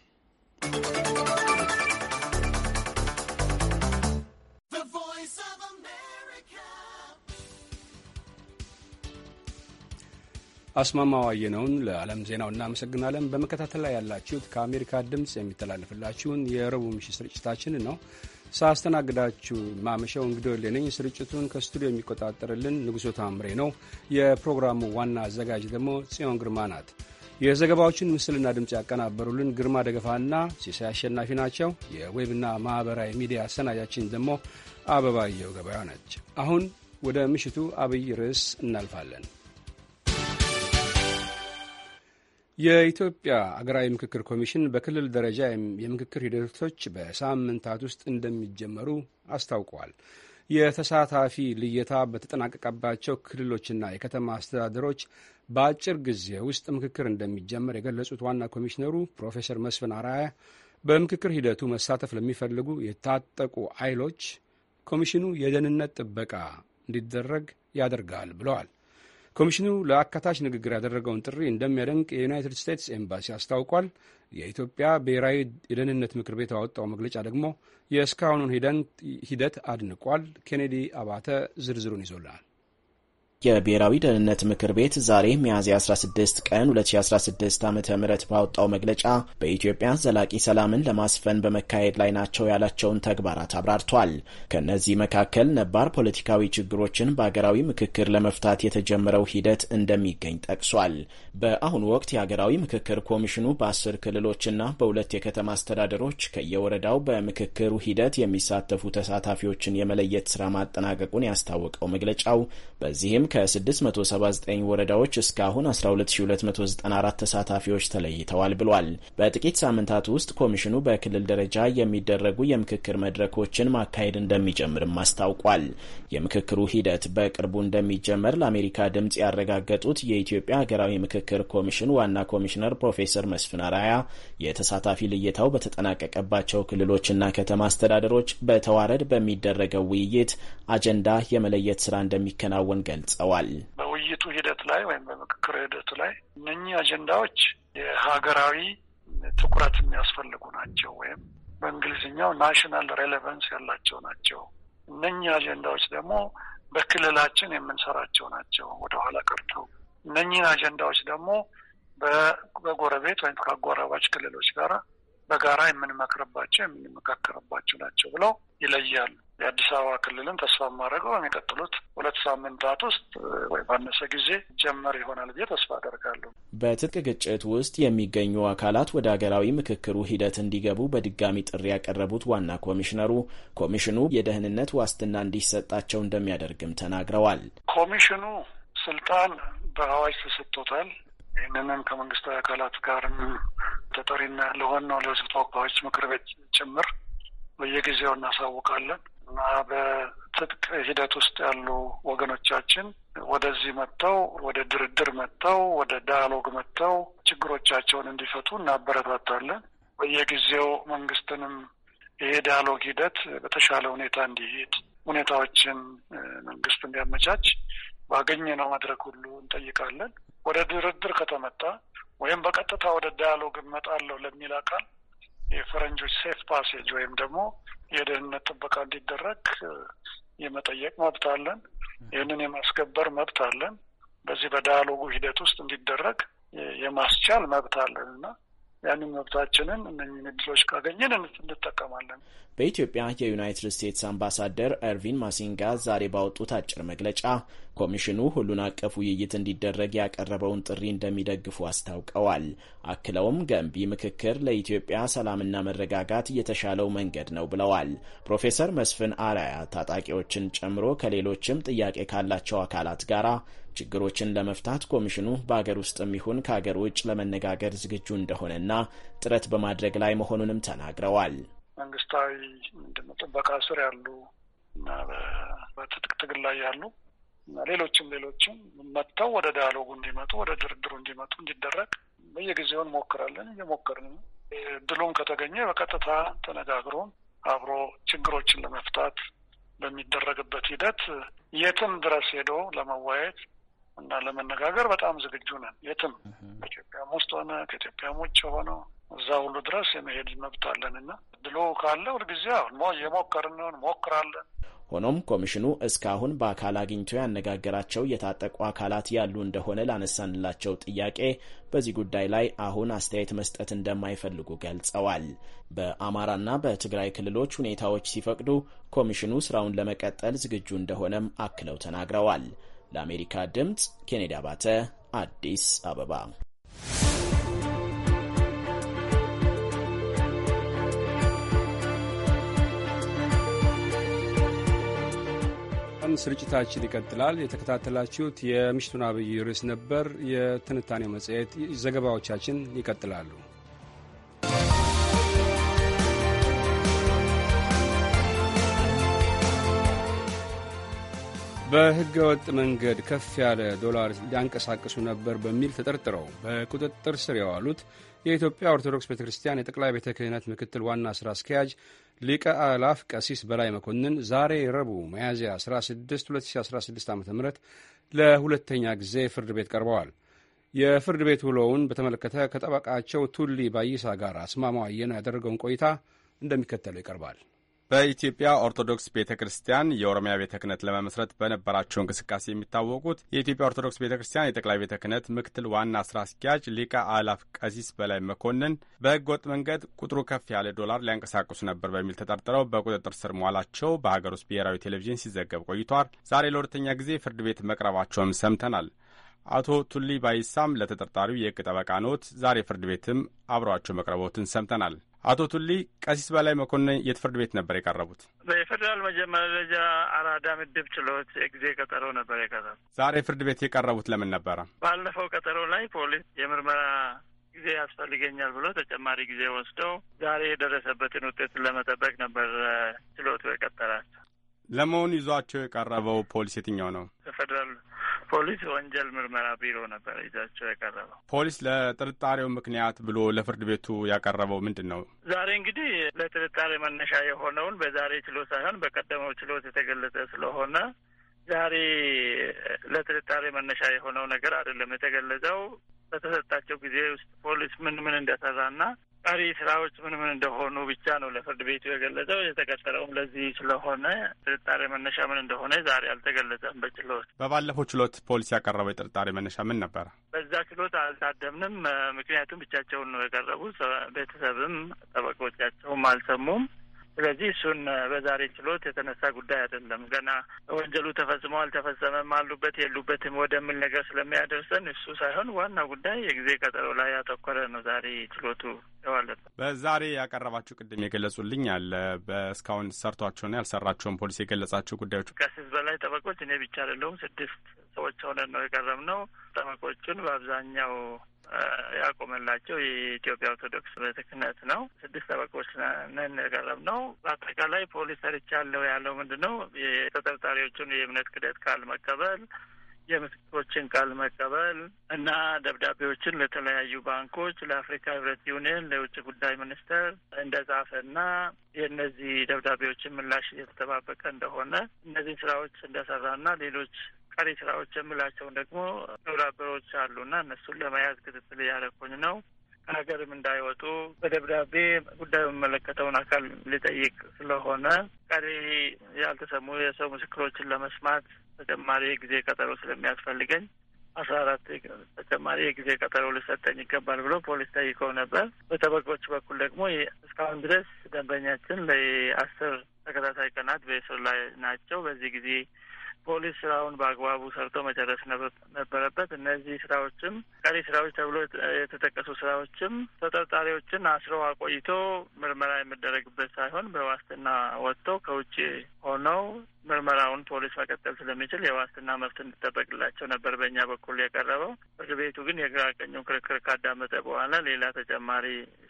አስማማ ዋየነውን ለዓለም ዜናው እናመሰግናለን። በመከታተል ላይ ያላችሁት ከአሜሪካ ድምፅ የሚተላለፍላችሁን የረቡዕ ምሽት ስርጭታችን ነው። ሳስተናግዳችሁ ማመሻው እንግዲህ ሌነኝ። ስርጭቱን ከስቱዲዮ የሚቆጣጠርልን ንጉሶ ታምሬ ነው። የፕሮግራሙ ዋና አዘጋጅ ደግሞ ጽዮን ግርማ ናት። የዘገባዎችን ምስልና ድምፅ ያቀናበሩልን ግርማ ደገፋና ሲሳይ አሸናፊ ናቸው። የዌብና ማኅበራዊ ሚዲያ አሰናጃችን ደግሞ አበባየው ገበያ ነች። አሁን ወደ ምሽቱ አብይ ርዕስ እናልፋለን። የኢትዮጵያ አገራዊ ምክክር ኮሚሽን በክልል ደረጃ የምክክር ሂደቶች በሳምንታት ውስጥ እንደሚጀመሩ አስታውቋል። የተሳታፊ ልየታ በተጠናቀቀባቸው ክልሎችና የከተማ አስተዳደሮች በአጭር ጊዜ ውስጥ ምክክር እንደሚጀመር የገለጹት ዋና ኮሚሽነሩ ፕሮፌሰር መስፍን አራያ በምክክር ሂደቱ መሳተፍ ለሚፈልጉ የታጠቁ ኃይሎች ኮሚሽኑ የደህንነት ጥበቃ እንዲደረግ ያደርጋል ብለዋል። ኮሚሽኑ ለአካታች ንግግር ያደረገውን ጥሪ እንደሚያደንቅ የዩናይትድ ስቴትስ ኤምባሲ አስታውቋል። የኢትዮጵያ ብሔራዊ የደህንነት ምክር ቤት ባወጣው መግለጫ ደግሞ የእስካሁኑን ሂደት አድንቋል። ኬኔዲ አባተ ዝርዝሩን ይዞልናል። የብሔራዊ ደህንነት ምክር ቤት ዛሬ ሚያዝያ 16 ቀን 2016 ዓ ም ባወጣው መግለጫ በኢትዮጵያ ዘላቂ ሰላምን ለማስፈን በመካሄድ ላይ ናቸው ያላቸውን ተግባራት አብራርቷል። ከእነዚህ መካከል ነባር ፖለቲካዊ ችግሮችን በአገራዊ ምክክር ለመፍታት የተጀመረው ሂደት እንደሚገኝ ጠቅሷል። በአሁኑ ወቅት የአገራዊ ምክክር ኮሚሽኑ በአስር ክልሎችና በሁለት የከተማ አስተዳደሮች ከየወረዳው በምክክሩ ሂደት የሚሳተፉ ተሳታፊዎችን የመለየት ስራ ማጠናቀቁን ያስታወቀው መግለጫው በዚህም ከ679 ወረዳዎች እስካሁን 12294 ተሳታፊዎች ተለይተዋል ብሏል። በጥቂት ሳምንታት ውስጥ ኮሚሽኑ በክልል ደረጃ የሚደረጉ የምክክር መድረኮችን ማካሄድ እንደሚጀምርም አስታውቋል። የምክክሩ ሂደት በቅርቡ እንደሚጀመር ለአሜሪካ ድምፅ ያረጋገጡት የኢትዮጵያ ሀገራዊ ምክክር ኮሚሽን ዋና ኮሚሽነር ፕሮፌሰር መስፍን አራያ የተሳታፊ ልየታው በተጠናቀቀባቸው ክልሎችና ከተማ አስተዳደሮች በተዋረድ በሚደረገው ውይይት አጀንዳ የመለየት ስራ እንደሚከናወን ገልጸዋል። ገልጸዋል። በውይይቱ ሂደት ላይ ወይም በምክክር ሂደቱ ላይ እነኚህ አጀንዳዎች የሀገራዊ ትኩረት የሚያስፈልጉ ናቸው ወይም በእንግሊዝኛው ናሽናል ሬሌቨንስ ያላቸው ናቸው። እነኚህ አጀንዳዎች ደግሞ በክልላችን የምንሰራቸው ናቸው ወደኋላ ቀርተው። እነኚህን አጀንዳዎች ደግሞ በጎረቤት ወይም ከአጎራባች ክልሎች ጋር በጋራ የምንመክርባቸው የምንመካከርባቸው ናቸው ብለው ይለያሉ። የአዲስ አበባ ክልልን ተስፋ የማደርገው የሚቀጥሉት ሁለት ሳምንታት ውስጥ ወይ ባነሰ ጊዜ ጀመር ይሆናል ብዬ ተስፋ አደርጋለሁ። በትጥቅ ግጭት ውስጥ የሚገኙ አካላት ወደ ሀገራዊ ምክክሩ ሂደት እንዲገቡ በድጋሚ ጥሪ ያቀረቡት ዋና ኮሚሽነሩ ኮሚሽኑ የደህንነት ዋስትና እንዲሰጣቸው እንደሚያደርግም ተናግረዋል። ኮሚሽኑ ስልጣን በአዋጅ ተሰጥቶታል። ይህንንም ከመንግስታዊ አካላት ጋር ተጠሪና ለሆነው ለህዝብ ተወካዮች ምክር ቤት ጭምር በየጊዜው እናሳውቃለን። እና በትጥቅ ሂደት ውስጥ ያሉ ወገኖቻችን ወደዚህ መጥተው ወደ ድርድር መጥተው ወደ ዳያሎግ መጥተው ችግሮቻቸውን እንዲፈቱ እናበረታታለን። በየጊዜው መንግስትንም ይሄ ዳያሎግ ሂደት በተሻለ ሁኔታ እንዲሄድ ሁኔታዎችን መንግስት እንዲያመቻች ባገኘነው መድረክ ሁሉ እንጠይቃለን። ወደ ድርድር ከተመጣ ወይም በቀጥታ ወደ ዳያሎግ እመጣለሁ ለሚል አካል የፈረንጆች ሴፍ ፓሴጅ ወይም ደግሞ የደህንነት ጥበቃ እንዲደረግ የመጠየቅ መብት አለን። ይህንን የማስከበር መብት አለን። በዚህ በዳያሎጉ ሂደት ውስጥ እንዲደረግ የማስቻል መብት አለን እና ያንን መብታችንን እነኝህን እድሎች ካገኘን እንጠቀማለን። በኢትዮጵያ የዩናይትድ ስቴትስ አምባሳደር ኤርቪን ማሲንጋ ዛሬ ባወጡት አጭር መግለጫ ኮሚሽኑ ሁሉን አቀፍ ውይይት እንዲደረግ ያቀረበውን ጥሪ እንደሚደግፉ አስታውቀዋል። አክለውም ገንቢ ምክክር ለኢትዮጵያ ሰላምና መረጋጋት የተሻለው መንገድ ነው ብለዋል። ፕሮፌሰር መስፍን አራያ ታጣቂዎችን ጨምሮ ከሌሎችም ጥያቄ ካላቸው አካላት ጋራ ችግሮችን ለመፍታት ኮሚሽኑ በአገር ውስጥም ይሁን ከአገር ውጭ ለመነጋገር ዝግጁ እንደሆነና ጥረት በማድረግ ላይ መሆኑንም ተናግረዋል። መንግስታዊ ምንድነው ጥበቃ ስር ያሉ እና በትጥቅ ትግል ላይ ያሉ እና ሌሎችም ሌሎችም መጥተው ወደ ዳያሎጉ እንዲመጡ ወደ ድርድሩ እንዲመጡ እንዲደረግ በየጊዜው እንሞክራለን፣ እየሞከርን ነው። እድሉም ከተገኘ በቀጥታ ተነጋግሮ አብሮ ችግሮችን ለመፍታት በሚደረግበት ሂደት የትም ድረስ ሄዶ ለመወያየት እና ለመነጋገር በጣም ዝግጁ ነን። የትም ከኢትዮጵያም ውስጥ ሆነ ከኢትዮጵያም ውጭ ሆነው እዛ ሁሉ ድረስ የመሄድ መብት አለን እና ድሎ ካለ ሁልጊዜ አሁን የሞከርን ሞክራለን። ሆኖም ኮሚሽኑ እስካሁን በአካል አግኝቶ ያነጋገራቸው የታጠቁ አካላት ያሉ እንደሆነ ላነሳንላቸው ጥያቄ በዚህ ጉዳይ ላይ አሁን አስተያየት መስጠት እንደማይፈልጉ ገልጸዋል። በአማራና በትግራይ ክልሎች ሁኔታዎች ሲፈቅዱ ኮሚሽኑ ስራውን ለመቀጠል ዝግጁ እንደሆነም አክለው ተናግረዋል። ለአሜሪካ ድምፅ ኬኔዲ አባተ አዲስ አበባ። ስርጭታችን ይቀጥላል። የተከታተላችሁት የምሽቱን አብይ ርዕስ ነበር። የትንታኔው መጽሔት ዘገባዎቻችን ይቀጥላሉ። በሕገ ወጥ መንገድ ከፍ ያለ ዶላር ሊያንቀሳቅሱ ነበር በሚል ተጠርጥረው በቁጥጥር ስር የዋሉት የኢትዮጵያ ኦርቶዶክስ ቤተ ክርስቲያን የጠቅላይ ቤተ ክህነት ምክትል ዋና ሥራ አስኪያጅ ሊቀ አላፍ ቀሲስ በላይ መኮንን ዛሬ ረቡዕ ሚያዝያ 16 2016 ዓ ም ለሁለተኛ ጊዜ ፍርድ ቤት ቀርበዋል። የፍርድ ቤት ውሎውን በተመለከተ ከጠበቃቸው ቱሊ ባይሳ ጋር አስማማው አየነው ያደረገውን ቆይታ እንደሚከተለው ይቀርባል። በኢትዮጵያ ኦርቶዶክስ ቤተ ክርስቲያን የኦሮሚያ ቤተ ክህነት ለመመስረት በነበራቸው እንቅስቃሴ የሚታወቁት የኢትዮጵያ ኦርቶዶክስ ቤተ ክርስቲያን የጠቅላይ ቤተ ክህነት ምክትል ዋና ስራ አስኪያጅ ሊቀ አላፍ ቀሲስ በላይ መኮንን በህገወጥ መንገድ ቁጥሩ ከፍ ያለ ዶላር ሊያንቀሳቅሱ ነበር በሚል ተጠርጥረው በቁጥጥር ስር መዋላቸው በሀገር ውስጥ ብሔራዊ ቴሌቪዥን ሲዘገብ ቆይቷል። ዛሬ ለሁለተኛ ጊዜ ፍርድ ቤት መቅረባቸውም ሰምተናል። አቶ ቱሊ ባይሳም ለተጠርጣሪው የህግ ጠበቃ ኖት ዛሬ ፍርድ ቤትም አብረዋቸው መቅረቦትን ሰምተናል። አቶ ቱሊ ቀሲስ በላይ መኮንን የት ፍርድ ቤት ነበር የቀረቡት? በፌዴራል መጀመሪያ ደረጃ አራዳ ምድብ ችሎት የጊዜ ቀጠሮ ነበር የቀረቡት። ዛሬ ፍርድ ቤት የቀረቡት ለምን ነበረ? ባለፈው ቀጠሮ ላይ ፖሊስ የምርመራ ጊዜ ያስፈልገኛል ብሎ ተጨማሪ ጊዜ ወስደው ዛሬ የደረሰበትን ውጤት ለመጠበቅ ነበር ችሎቱ የቀጠራቸው። ለመሆኑ ይዟቸው የቀረበው ፖሊስ የትኛው ነው? የፌዴራል ፖሊስ ወንጀል ምርመራ ቢሮ ነበር ይዟቸው የቀረበው። ፖሊስ ለጥርጣሬው ምክንያት ብሎ ለፍርድ ቤቱ ያቀረበው ምንድን ነው? ዛሬ እንግዲህ ለጥርጣሬ መነሻ የሆነውን በዛሬ ችሎት ሳይሆን በቀደመው ችሎት የተገለጸ ስለሆነ ዛሬ ለጥርጣሬ መነሻ የሆነው ነገር አይደለም የተገለጸው። በተሰጣቸው ጊዜ ውስጥ ፖሊስ ምን ምን እንደሰራና ቀሪ ስራዎች ምን ምን እንደሆኑ ብቻ ነው ለፍርድ ቤቱ የገለጸው። የተቀጠረውም ለዚህ ስለሆነ ጥርጣሬ መነሻ ምን እንደሆነ ዛሬ አልተገለጸም በችሎት። በባለፈው ችሎት ፖሊስ ያቀረበው የጥርጣሬ መነሻ ምን ነበረ? በዛ ችሎት አልታደምንም። ምክንያቱም ብቻቸውን ነው የቀረቡት። ቤተሰብም ጠበቆቻቸውም አልሰሙም። ስለዚህ እሱን በዛሬ ችሎት የተነሳ ጉዳይ አይደለም። ገና ወንጀሉ ተፈጽሞ አልተፈጸመም፣ አሉበት የሉበትም ወደሚል ነገር ስለሚያደርሰን እሱ ሳይሆን ዋና ጉዳይ የጊዜ ቀጠሮ ላይ ያተኮረ ነው ዛሬ ችሎቱ ዋለበት። በዛሬ ያቀረባችሁ ቅድም የገለጹልኝ አለ በእስካሁን ሰርቷቸውና ያልሰራቸውን ፖሊስ የገለጻቸው ጉዳዮች ከስስ በላይ ጠበቆች እኔ ብቻ አይደለሁም ስድስት ሰዎች ሆነን ነው የቀረብነው። ጠበቆቹን በአብዛኛው ያቆመላቸው የኢትዮጵያ ኦርቶዶክስ ቤተ ክህነት ነው። ስድስት ጠበቆች ነን ነው። በአጠቃላይ ፖሊስ ሰርቻለሁ ያለው ምንድን ነው? የተጠርጣሪዎቹን የእምነት ክደት ካልመቀበል የምስክሮችን ቃል መቀበል እና ደብዳቤዎችን ለተለያዩ ባንኮች፣ ለአፍሪካ ህብረት ዩኒየን፣ ለውጭ ጉዳይ ሚኒስቴር ጻፈ እና የእነዚህ ደብዳቤዎችን ምላሽ እየተጠባበቀ እንደሆነ እነዚህን ስራዎች እንደሰራ እና ሌሎች ቀሪ ስራዎች የምላቸውን ደግሞ ግብረ አሉ አሉና እነሱን ለመያዝ ክትትል እያደረኩኝ ነው። ከሀገርም እንዳይወጡ በደብዳቤ ጉዳዩ የሚመለከተውን አካል ሊጠይቅ ስለሆነ ቀሪ ያልተሰሙ የሰው ምስክሮችን ለመስማት ተጨማሪ የጊዜ ቀጠሮ ስለሚያስፈልገኝ አስራ አራት ተጨማሪ የጊዜ ቀጠሮ ሊሰጠኝ ይገባል ብሎ ፖሊስ ጠይቀው ነበር። በጠበቆች በኩል ደግሞ እስካሁን ድረስ ደንበኛችን ለአስር ተከታታይ ቀናት በእስር ላይ ናቸው። በዚህ ጊዜ ፖሊስ ስራውን በአግባቡ ሰርቶ መጨረስ ነበረበት። እነዚህ ስራዎችም ቀሪ ስራዎች ተብሎ የተጠቀሱ ስራዎችም ተጠርጣሪዎችን አስሮ አቆይቶ ምርመራ የሚደረግበት ሳይሆን በዋስትና ወጥቶ ከውጭ ሆነው ምርመራውን ፖሊስ መቀጠል ስለሚችል የዋስትና መብት እንዲጠበቅላቸው ነበር በእኛ በኩል የቀረበው። ፍርድ ቤቱ ግን የግራ ቀኙን ክርክር ካዳመጠ በኋላ ሌላ ተጨማሪ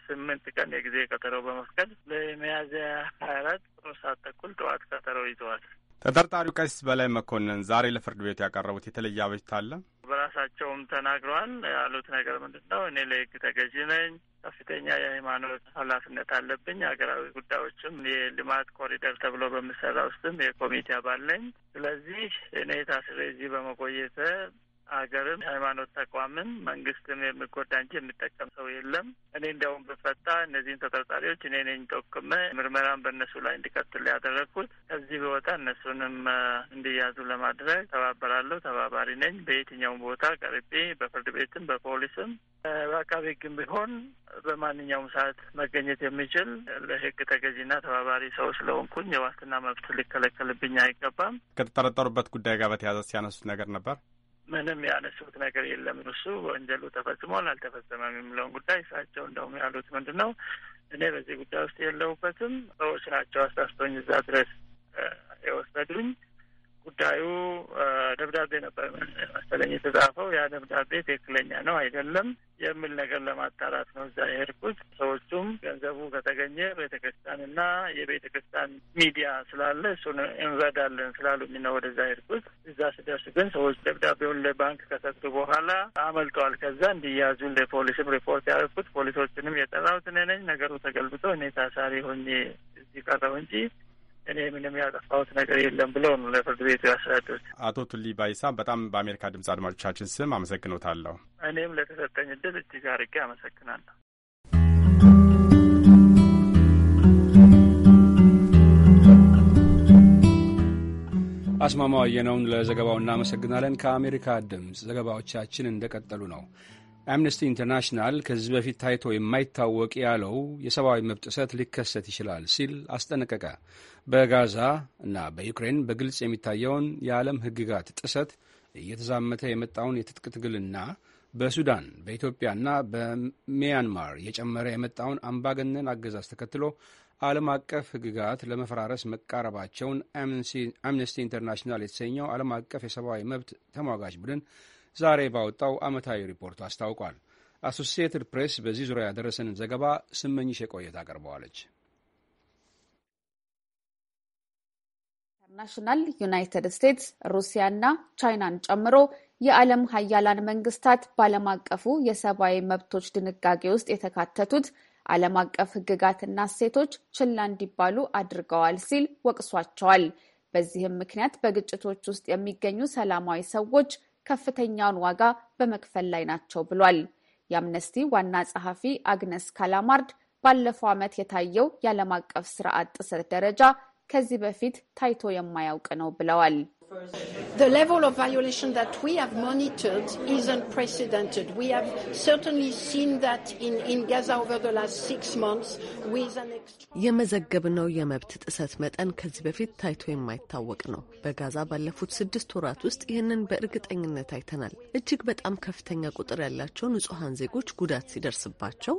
ስምንት ቀን የጊዜ ቀጠሮ በመፍቀድ ለሚያዝያ ሀያ አራት ሶስት ሰዓት ተኩል ጠዋት ቀጠሮ ይዘዋል። ተጠርጣሪው ቀሲስ በላይ መኮንን ዛሬ ለፍርድ ቤት ያቀረቡት የተለየ አቤቱታ አለ? በራሳቸውም ተናግረዋል። ያሉት ነገር ምንድን ነው? እኔ ለህግ ተገዢ ነኝ። ከፍተኛ የሃይማኖት ኃላፊነት አለብኝ። ሀገራዊ ጉዳዮችም የልማት ኮሪደር ተብሎ በምሰራ ውስጥም የኮሚቴ አባል ነኝ። ስለዚህ እኔ ታስሬ እዚህ በመቆየተ ሀገርም ሃይማኖት ተቋምም መንግስትም የሚጎዳ እንጂ የሚጠቀም ሰው የለም። እኔ እንዲያውም ብፈታ እነዚህን ተጠርጣሪዎች እኔ ነኝ ጠቁሜ ምርመራን በእነሱ ላይ እንዲቀጥል ያደረግኩት ከዚህ ቦታ እነሱንም እንዲያዙ ለማድረግ ተባበራለሁ። ተባባሪ ነኝ። በየትኛውም ቦታ ቀርቤ በፍርድ ቤትም በፖሊስም በአቃቤ ሕግም ቢሆን በማንኛውም ሰዓት መገኘት የሚችል ለሕግ ተገዥና ተባባሪ ሰው ስለሆንኩኝ የዋስትና መብት ሊከለከልብኝ አይገባም። ከተጠረጠሩበት ጉዳይ ጋር በተያያዘ ሲያነሱት ነገር ነበር ምንም ያነሱት ነገር የለም። እሱ ወንጀሉ ተፈጽሟል አልተፈጸመም የሚለውን ጉዳይ እሳቸው እንደውም ያሉት ምንድን ነው፣ እኔ በዚህ ጉዳይ ውስጥ የለሁበትም፣ ሰዎች ናቸው አሳስቶኝ እዛ ድረስ የወሰዱኝ ጉዳዩ ደብዳቤ ነበር መሰለኝ የተጻፈው። ያ ደብዳቤ ትክክለኛ ነው አይደለም የሚል ነገር ለማጣራት ነው እዛ የሄድኩት። ሰዎቹም ገንዘቡ ከተገኘ ቤተክርስቲያን ክርስቲያንና የቤተክርስቲያን ሚዲያ ስላለ እሱን እንረዳለን ስላሉ ነው ወደዛ ሄድኩት። እዛ ስደርስ ግን ሰዎች ደብዳቤውን ለባንክ ከሰጡ በኋላ አመልጠዋል። ከዛ እንዲያዙ ለፖሊስም ሪፖርት ያደረኩት ፖሊሶችንም የጠራሁት እኔ ነኝ። ነገሩ ተገልብጦ እኔ ታሳሪ ሆኜ እዚህ ቀረው እንጂ እኔ ምንም ያጠፋሁት ነገር የለም ብለው ነው ለፍርድ ቤቱ ያስረዱት። አቶ ቱሊ ባይሳ በጣም በአሜሪካ ድምፅ አድማጮቻችን ስም አመሰግኖታለሁ። እኔም ለተሰጠኝ እድል እጅግ አድርጌ አመሰግናለሁ። አስማማው አየነውን ለዘገባው እናመሰግናለን። ከአሜሪካ ድምፅ ዘገባዎቻችን እንደቀጠሉ ነው። አምነስቲ ኢንተርናሽናል ከዚህ በፊት ታይቶ የማይታወቅ ያለው የሰብአዊ መብት ጥሰት ሊከሰት ይችላል ሲል አስጠነቀቀ። በጋዛ እና በዩክሬን በግልጽ የሚታየውን የዓለም ሕግጋት ጥሰት፣ እየተዛመተ የመጣውን የትጥቅ ትግልና በሱዳን በኢትዮጵያና በሚያንማር እየጨመረ የመጣውን አምባገነን አገዛዝ ተከትሎ ዓለም አቀፍ ሕግጋት ለመፈራረስ መቃረባቸውን አምነስቲ ኢንተርናሽናል የተሰኘው ዓለም አቀፍ የሰብአዊ መብት ተሟጋች ቡድን ዛሬ ባወጣው ዓመታዊ ሪፖርቱ አስታውቋል። አሶሲየትድ ፕሬስ በዚህ ዙሪያ ያደረሰንን ዘገባ ስመኝሽ የቆየት አቀርበዋለች። ኢንተርናሽናል ዩናይትድ ስቴትስ፣ ሩሲያና ቻይናን ጨምሮ የዓለም ሀያላን መንግስታት በዓለም አቀፉ የሰብአዊ መብቶች ድንጋጌ ውስጥ የተካተቱት ዓለም አቀፍ ሕግጋትና እሴቶች ችላ እንዲባሉ አድርገዋል ሲል ወቅሷቸዋል። በዚህም ምክንያት በግጭቶች ውስጥ የሚገኙ ሰላማዊ ሰዎች ከፍተኛውን ዋጋ በመክፈል ላይ ናቸው ብሏል። የአምነስቲ ዋና ጸሐፊ አግነስ ካላማርድ ባለፈው ዓመት የታየው የዓለም አቀፍ ስርዓት ጥሰት ደረጃ ከዚህ በፊት ታይቶ የማያውቅ ነው ብለዋል። The level of violation that we have monitored is unprecedented. We have certainly seen that in, in Gaza over the last six months with an የመዘገብነው የመብት ጥሰት መጠን ከዚህ በፊት ታይቶ የማይታወቅ ነው። በጋዛ ባለፉት ስድስት ወራት ውስጥ ይህንን በእርግጠኝነት አይተናል። እጅግ በጣም ከፍተኛ ቁጥር ያላቸው ንጹሐን ዜጎች ጉዳት ሲደርስባቸው፣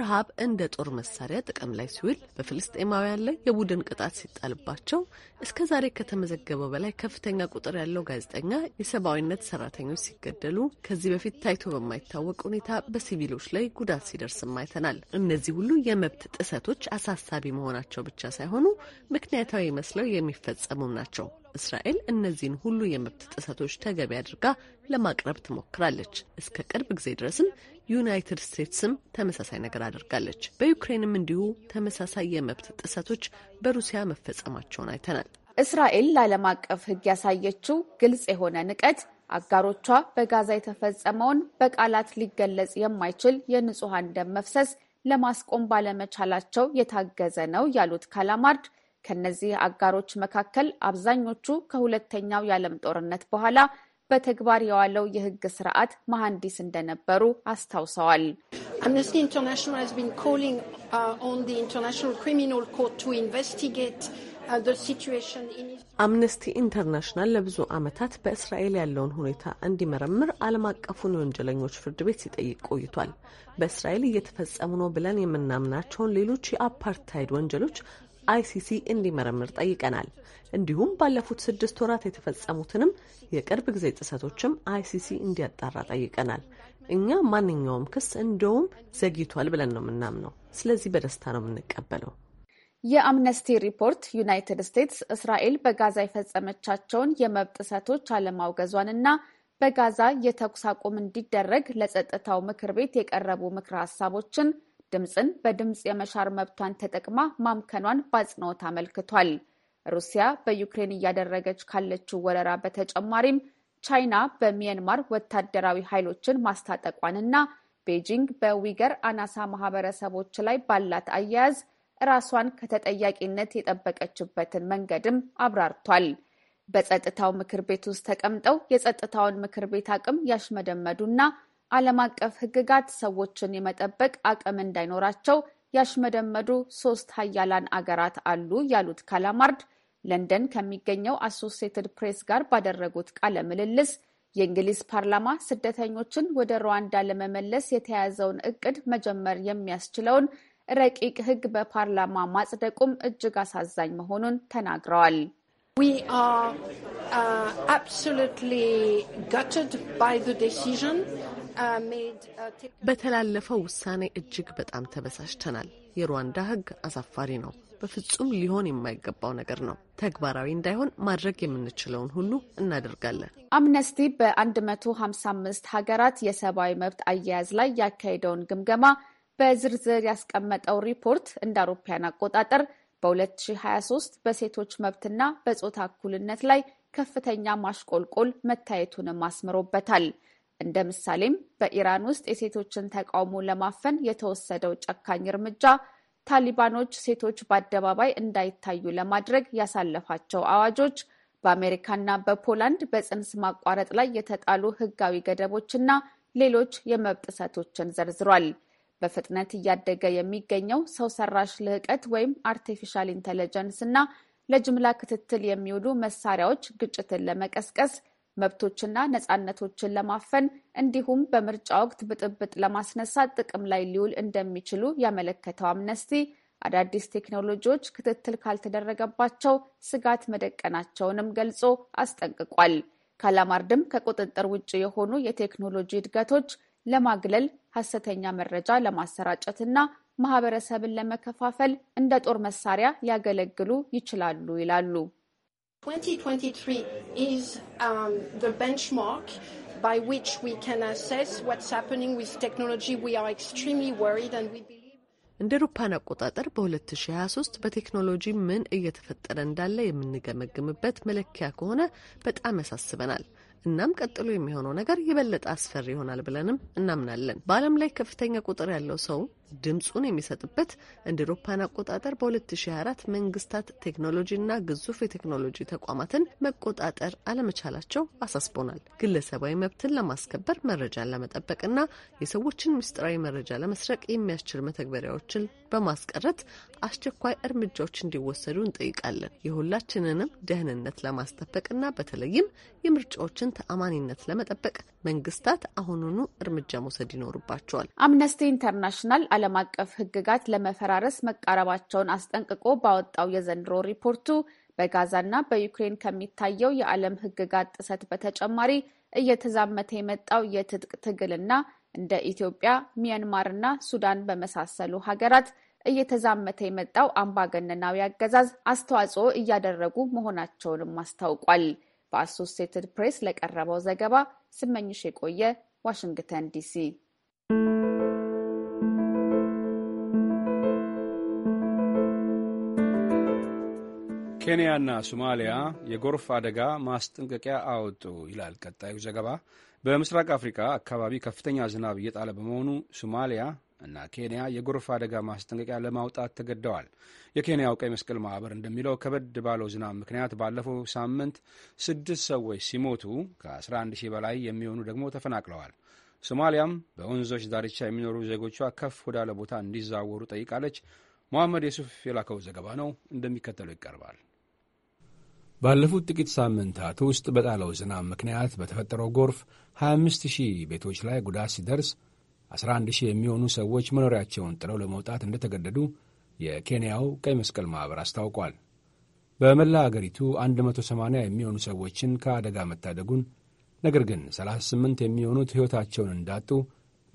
ረሃብ እንደ ጦር መሳሪያ ጥቅም ላይ ሲውል፣ በፍልስጤማውያን ላይ የቡድን ቅጣት ሲጣልባቸው እስከ ዛሬ ከተመዘገበው በላይ ከፍተ ከፍተኛ ቁጥር ያለው ጋዜጠኛ የሰብአዊነት ሰራተኞች ሲገደሉ ከዚህ በፊት ታይቶ በማይታወቅ ሁኔታ በሲቪሎች ላይ ጉዳት ሲደርስም አይተናል። እነዚህ ሁሉ የመብት ጥሰቶች አሳሳቢ መሆናቸው ብቻ ሳይሆኑ ምክንያታዊ መስለው የሚፈጸሙም ናቸው። እስራኤል እነዚህን ሁሉ የመብት ጥሰቶች ተገቢ አድርጋ ለማቅረብ ትሞክራለች። እስከ ቅርብ ጊዜ ድረስም ዩናይትድ ስቴትስም ተመሳሳይ ነገር አድርጋለች። በዩክሬንም እንዲሁ ተመሳሳይ የመብት ጥሰቶች በሩሲያ መፈጸማቸውን አይተናል። እስራኤል ለዓለም አቀፍ ሕግ ያሳየችው ግልጽ የሆነ ንቀት አጋሮቿ በጋዛ የተፈጸመውን በቃላት ሊገለጽ የማይችል የንጹሐን ደም መፍሰስ ለማስቆም ባለመቻላቸው የታገዘ ነው ያሉት ካላማርድ ከነዚህ አጋሮች መካከል አብዛኞቹ ከሁለተኛው የዓለም ጦርነት በኋላ በተግባር የዋለው የህግ ስርዓት መሐንዲስ እንደነበሩ አስታውሰዋል። አምነስቲ ኢንተርናሽናል አምነስቲ ኢንተርናሽናል ለብዙ ዓመታት በእስራኤል ያለውን ሁኔታ እንዲመረምር ዓለም አቀፉን የወንጀለኞች ፍርድ ቤት ሲጠይቅ ቆይቷል። በእስራኤል እየተፈጸሙ ነው ብለን የምናምናቸውን ሌሎች የአፓርታይድ ወንጀሎች አይሲሲ እንዲመረምር ጠይቀናል። እንዲሁም ባለፉት ስድስት ወራት የተፈጸሙትንም የቅርብ ጊዜ ጥሰቶችም አይሲሲ እንዲያጣራ ጠይቀናል። እኛ ማንኛውም ክስ እንደውም ዘግይቷል ብለን ነው የምናምነው። ስለዚህ በደስታ ነው የምንቀበለው። የአምነስቲ ሪፖርት ዩናይትድ ስቴትስ እስራኤል በጋዛ የፈጸመቻቸውን የመብት ጥሰቶች አለማውገዟንና በጋዛ የተኩስ አቁም እንዲደረግ ለጸጥታው ምክር ቤት የቀረቡ ምክረ ሀሳቦችን ድምፅን በድምፅ የመሻር መብቷን ተጠቅማ ማምከኗን በአጽንኦት አመልክቷል። ሩሲያ በዩክሬን እያደረገች ካለችው ወረራ በተጨማሪም ቻይና በሚያንማር ወታደራዊ ኃይሎችን ማስታጠቋንና ቤጂንግ በዊገር አናሳ ማህበረሰቦች ላይ ባላት አያያዝ ራሷን ከተጠያቂነት የጠበቀችበትን መንገድም አብራርቷል። በጸጥታው ምክር ቤት ውስጥ ተቀምጠው የጸጥታውን ምክር ቤት አቅም ያሽመደመዱና ዓለም አቀፍ ሕግጋት ሰዎችን የመጠበቅ አቅም እንዳይኖራቸው ያሽመደመዱ ሶስት ሀያላን አገራት አሉ ያሉት ካላማርድ ለንደን ከሚገኘው አሶሴትድ ፕሬስ ጋር ባደረጉት ቃለ ምልልስ የእንግሊዝ ፓርላማ ስደተኞችን ወደ ሩዋንዳ ለመመለስ የተያዘውን እቅድ መጀመር የሚያስችለውን ረቂቅ ህግ በፓርላማ ማጽደቁም እጅግ አሳዛኝ መሆኑን ተናግረዋል። uh, uh, uh, በተላለፈው ውሳኔ እጅግ በጣም ተበሳጭተናል። የሩዋንዳ ህግ አሳፋሪ ነው። በፍጹም ሊሆን የማይገባው ነገር ነው። ተግባራዊ እንዳይሆን ማድረግ የምንችለውን ሁሉ እናደርጋለን። አምነስቲ በ155 ሀገራት የሰብአዊ መብት አያያዝ ላይ ያካሄደውን ግምገማ በዝርዝር ያስቀመጠው ሪፖርት እንደ አውሮፓያን አቆጣጠር በ2023 በሴቶች መብትና በጾታ እኩልነት ላይ ከፍተኛ ማሽቆልቆል መታየቱንም አስምሮበታል። እንደ ምሳሌም በኢራን ውስጥ የሴቶችን ተቃውሞ ለማፈን የተወሰደው ጨካኝ እርምጃ፣ ታሊባኖች ሴቶች በአደባባይ እንዳይታዩ ለማድረግ ያሳለፋቸው አዋጆች፣ በአሜሪካና በፖላንድ በጽንስ ማቋረጥ ላይ የተጣሉ ሕጋዊ ገደቦችና ሌሎች የመብት ጥሰቶችን ዘርዝሯል። በፍጥነት እያደገ የሚገኘው ሰው ሰራሽ ልህቀት ወይም አርቲፊሻል ኢንተለጀንስ እና ለጅምላ ክትትል የሚውሉ መሳሪያዎች ግጭትን ለመቀስቀስ መብቶችና ነፃነቶችን ለማፈን እንዲሁም በምርጫ ወቅት ብጥብጥ ለማስነሳት ጥቅም ላይ ሊውል እንደሚችሉ ያመለከተው አምነስቲ አዳዲስ ቴክኖሎጂዎች ክትትል ካልተደረገባቸው ስጋት መደቀናቸውንም ገልጾ አስጠንቅቋል። ካላማርድም ከቁጥጥር ውጭ የሆኑ የቴክኖሎጂ እድገቶች ለማግለል፣ ሐሰተኛ መረጃ ለማሰራጨትና ማህበረሰብን ለመከፋፈል እንደ ጦር መሳሪያ ሊያገለግሉ ይችላሉ ይላሉ። 2023 um, እንደ አውሮፓውያን አቆጣጠር በ2023 በቴክኖሎጂ ምን እየተፈጠረ እንዳለ የምንገመግምበት መለኪያ ከሆነ በጣም ያሳስበናል። እናም ቀጥሎ የሚሆነው ነገር የበለጠ አስፈሪ ይሆናል ብለንም እናምናለን። በዓለም ላይ ከፍተኛ ቁጥር ያለው ሰው ድምፁን የሚሰጥበት እንደ አውሮፓውያን አቆጣጠር በ2024 መንግስታት ቴክኖሎጂና ግዙፍ የቴክኖሎጂ ተቋማትን መቆጣጠር አለመቻላቸው አሳስቦናል። ግለሰባዊ መብትን ለማስከበር መረጃን ለመጠበቅና የሰዎችን ምስጢራዊ መረጃ ለመስረቅ የሚያስችል መተግበሪያዎችን በማስቀረት አስቸኳይ እርምጃዎች እንዲወሰዱ እንጠይቃለን። የሁላችንንም ደህንነት ለማስጠበቅና በተለይም የምርጫዎችን ተአማኒነት ለመጠበቅ መንግስታት አሁኑኑ እርምጃ መውሰድ ይኖርባቸዋል። አምነስቲ ኢንተርናሽናል ዓለም አቀፍ ሕግጋት ለመፈራረስ መቃረባቸውን አስጠንቅቆ ባወጣው የዘንድሮ ሪፖርቱ በጋዛና በዩክሬን ከሚታየው የዓለም ሕግጋት ጥሰት በተጨማሪ እየተዛመተ የመጣው የትጥቅ ትግልና እንደ ኢትዮጵያ፣ ሚያንማርና ሱዳን በመሳሰሉ ሀገራት እየተዛመተ የመጣው አምባገነናዊ አገዛዝ አስተዋጽኦ እያደረጉ መሆናቸውንም አስታውቋል። በአሶሴትድ ፕሬስ ለቀረበው ዘገባ ስመኝሽ የቆየ ዋሽንግተን ዲሲ። ኬንያና ሶማሊያ የጎርፍ አደጋ ማስጠንቀቂያ አወጡ ይላል ቀጣዩ ዘገባ። በምስራቅ አፍሪካ አካባቢ ከፍተኛ ዝናብ እየጣለ በመሆኑ ሶማሊያ እና ኬንያ የጎርፍ አደጋ ማስጠንቀቂያ ለማውጣት ተገደዋል። የኬንያው ቀይ መስቀል ማህበር እንደሚለው ከበድ ባለው ዝናብ ምክንያት ባለፈው ሳምንት ስድስት ሰዎች ሲሞቱ ከ11 ሺ በላይ የሚሆኑ ደግሞ ተፈናቅለዋል። ሶማሊያም በወንዞች ዳርቻ የሚኖሩ ዜጎቿ ከፍ ወዳለ ቦታ እንዲዛወሩ ጠይቃለች። መሐመድ የሱፍ የላከው ዘገባ ነው እንደሚከተለው ይቀርባል። ባለፉት ጥቂት ሳምንታት ውስጥ በጣለው ዝናብ ምክንያት በተፈጠረው ጎርፍ 25 ሺህ ቤቶች ላይ ጉዳት ሲደርስ 11 ሺህ የሚሆኑ ሰዎች መኖሪያቸውን ጥለው ለመውጣት እንደተገደዱ የኬንያው ቀይ መስቀል ማኅበር አስታውቋል። በመላ አገሪቱ 180 የሚሆኑ ሰዎችን ከአደጋ መታደጉን፣ ነገር ግን 38 የሚሆኑት ሕይወታቸውን እንዳጡ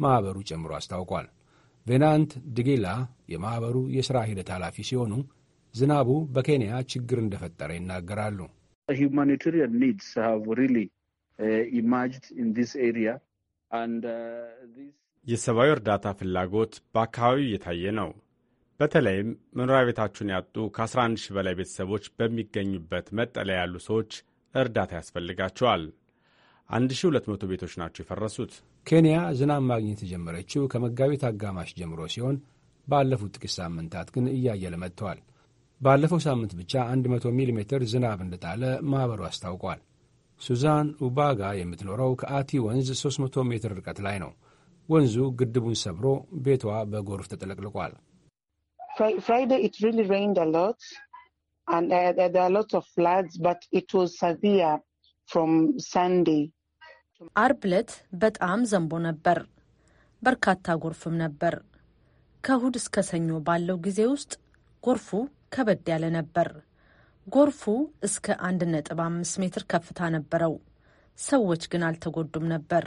ማኅበሩ ጨምሮ አስታውቋል። ቬናንት ድጌላ የማኅበሩ የሥራ ሂደት ኃላፊ ሲሆኑ ዝናቡ በኬንያ ችግር እንደፈጠረ ይናገራሉ። uh, uh, የሰብአዊ እርዳታ ፍላጎት በአካባቢው እየታየ ነው። በተለይም መኖሪያ ቤታቸውን ያጡ ከ11 ሺህ በላይ ቤተሰቦች በሚገኙበት መጠለያ ያሉ ሰዎች እርዳታ ያስፈልጋቸዋል። 1200 ቤቶች ናቸው የፈረሱት። ኬንያ ዝናብ ማግኘት የጀመረችው ከመጋቢት አጋማሽ ጀምሮ ሲሆን ባለፉት ጥቂት ሳምንታት ግን እያየለ መጥተዋል። ባለፈው ሳምንት ብቻ 100 ሚሊ ሜትር ዝናብ እንደጣለ ማኅበሩ አስታውቋል። ሱዛን ኡባጋ የምትኖረው ከአቲ ወንዝ 300 ሜትር ርቀት ላይ ነው። ወንዙ ግድቡን ሰብሮ ቤቷ በጎርፍ ተጥለቅልቋል። uh, አርብ ዕለት በጣም ዘንቦ ነበር። በርካታ ጎርፍም ነበር። ከእሁድ እስከ ሰኞ ባለው ጊዜ ውስጥ ጎርፉ ከበድ ያለ ነበር። ጎርፉ እስከ 1.5 ሜትር ከፍታ ነበረው። ሰዎች ግን አልተጎዱም ነበር።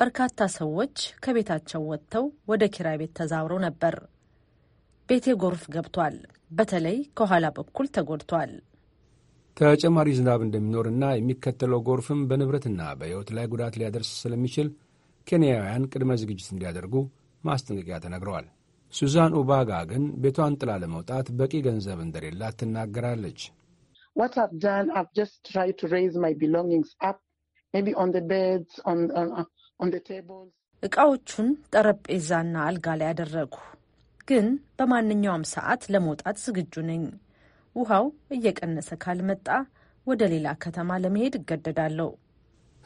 በርካታ ሰዎች ከቤታቸው ወጥተው ወደ ኪራይ ቤት ተዛውረው ነበር። ቤቴ ጎርፍ ገብቷል፣ በተለይ ከኋላ በኩል ተጎድቷል። ተጨማሪ ዝናብ እንደሚኖርና የሚከተለው ጎርፍም በንብረትና በሕይወት ላይ ጉዳት ሊያደርስ ስለሚችል ኬንያውያን ቅድመ ዝግጅት እንዲያደርጉ ማስጠንቀቂያ ተነግረዋል። ሱዛን ኡባጋ ግን ቤቷን ጥላ ለመውጣት በቂ ገንዘብ እንደሌላት ትናገራለች። እቃዎቹን ጠረጴዛና አልጋ ላይ ያደረጉ፣ ግን በማንኛውም ሰዓት ለመውጣት ዝግጁ ነኝ። ውሃው እየቀነሰ ካልመጣ ወደ ሌላ ከተማ ለመሄድ እገደዳለሁ።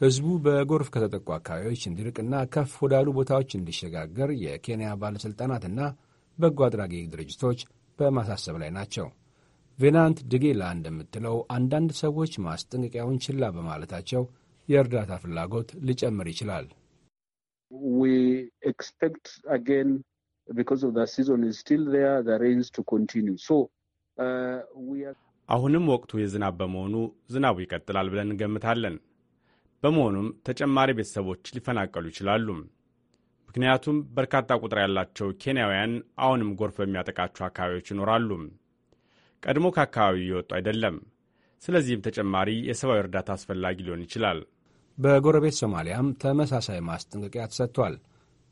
ሕዝቡ በጎርፍ ከተጠቁ አካባቢዎች እንዲርቅና ከፍ ወዳሉ ቦታዎች እንዲሸጋገር የኬንያ ባለሥልጣናትና በጎ አድራጊ ድርጅቶች በማሳሰብ ላይ ናቸው። ቬናንት ድጌላ እንደምትለው አንዳንድ ሰዎች ማስጠንቀቂያውን ችላ በማለታቸው የእርዳታ ፍላጎት ሊጨምር ይችላል። uh, አሁንም ወቅቱ የዝናብ በመሆኑ ዝናቡ ይቀጥላል ብለን እንገምታለን። በመሆኑም ተጨማሪ ቤተሰቦች ሊፈናቀሉ ይችላሉ። ምክንያቱም በርካታ ቁጥር ያላቸው ኬንያውያን አሁንም ጎርፍ በሚያጠቃቸው አካባቢዎች ይኖራሉ። ቀድሞ ከአካባቢው እየወጡ አይደለም። ስለዚህም ተጨማሪ የሰብአዊ እርዳታ አስፈላጊ ሊሆን ይችላል። በጎረቤት ሶማሊያም ተመሳሳይ ማስጠንቀቂያ ተሰጥቷል።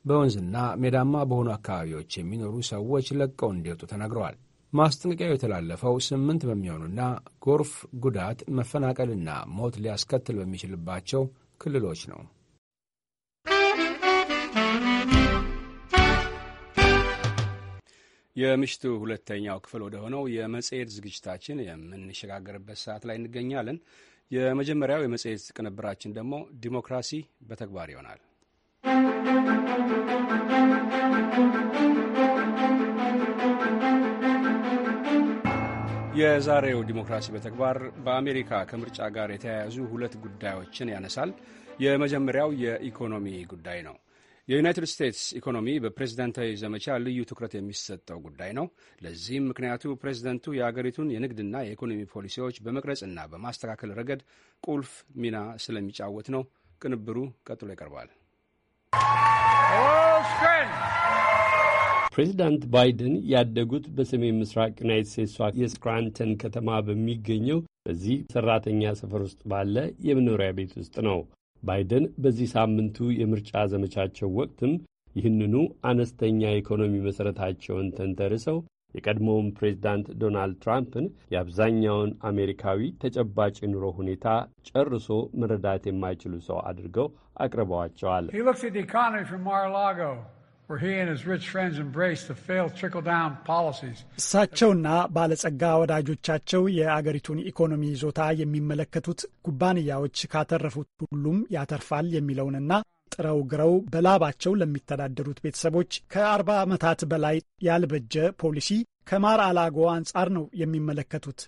በወንዝና ሜዳማ በሆኑ አካባቢዎች የሚኖሩ ሰዎች ለቀው እንዲወጡ ተነግረዋል። ማስጠንቀቂያው የተላለፈው ስምንት በሚሆኑና ጎርፍ ጉዳት መፈናቀልና ሞት ሊያስከትል በሚችልባቸው ክልሎች ነው። የምሽቱ ሁለተኛው ክፍል ወደ ሆነው የመጽሔት ዝግጅታችን የምንሸጋገርበት ሰዓት ላይ እንገኛለን። የመጀመሪያው የመጽሔት ቅንብራችን ደግሞ ዲሞክራሲ በተግባር ይሆናል። የዛሬው ዲሞክራሲ በተግባር በአሜሪካ ከምርጫ ጋር የተያያዙ ሁለት ጉዳዮችን ያነሳል። የመጀመሪያው የኢኮኖሚ ጉዳይ ነው። የዩናይትድ ስቴትስ ኢኮኖሚ በፕሬዝደንታዊ ዘመቻ ልዩ ትኩረት የሚሰጠው ጉዳይ ነው። ለዚህም ምክንያቱ ፕሬዝደንቱ የአገሪቱን የንግድና የኢኮኖሚ ፖሊሲዎች በመቅረጽና በማስተካከል ረገድ ቁልፍ ሚና ስለሚጫወት ነው። ቅንብሩ ቀጥሎ ይቀርባል። ፕሬዚዳንት ባይደን ያደጉት በሰሜን ምስራቅ ዩናይት ስቴትሷ የስክራንተን ከተማ በሚገኘው በዚህ ሰራተኛ ሰፈር ውስጥ ባለ የመኖሪያ ቤት ውስጥ ነው። ባይደን በዚህ ሳምንቱ የምርጫ ዘመቻቸው ወቅትም ይህንኑ አነስተኛ ኢኮኖሚ መሠረታቸውን ተንተርሰው የቀድሞውን ፕሬዚዳንት ዶናልድ ትራምፕን የአብዛኛውን አሜሪካዊ ተጨባጭ ኑሮ ሁኔታ ጨርሶ መረዳት የማይችሉ ሰው አድርገው አቅርበዋቸዋል። እሳቸውና ባለጸጋ ወዳጆቻቸው የአገሪቱን ኢኮኖሚ ይዞታ የሚመለከቱት ኩባንያዎች ካተረፉት ሁሉም ያተርፋል የሚለውንና ጥረው ግረው በላባቸው ለሚተዳደሩት ቤተሰቦች ከአርባ ዓመታት በላይ ያልበጀ ፖሊሲ ከማር አላጎ አንጻር ነው የሚመለከቱት።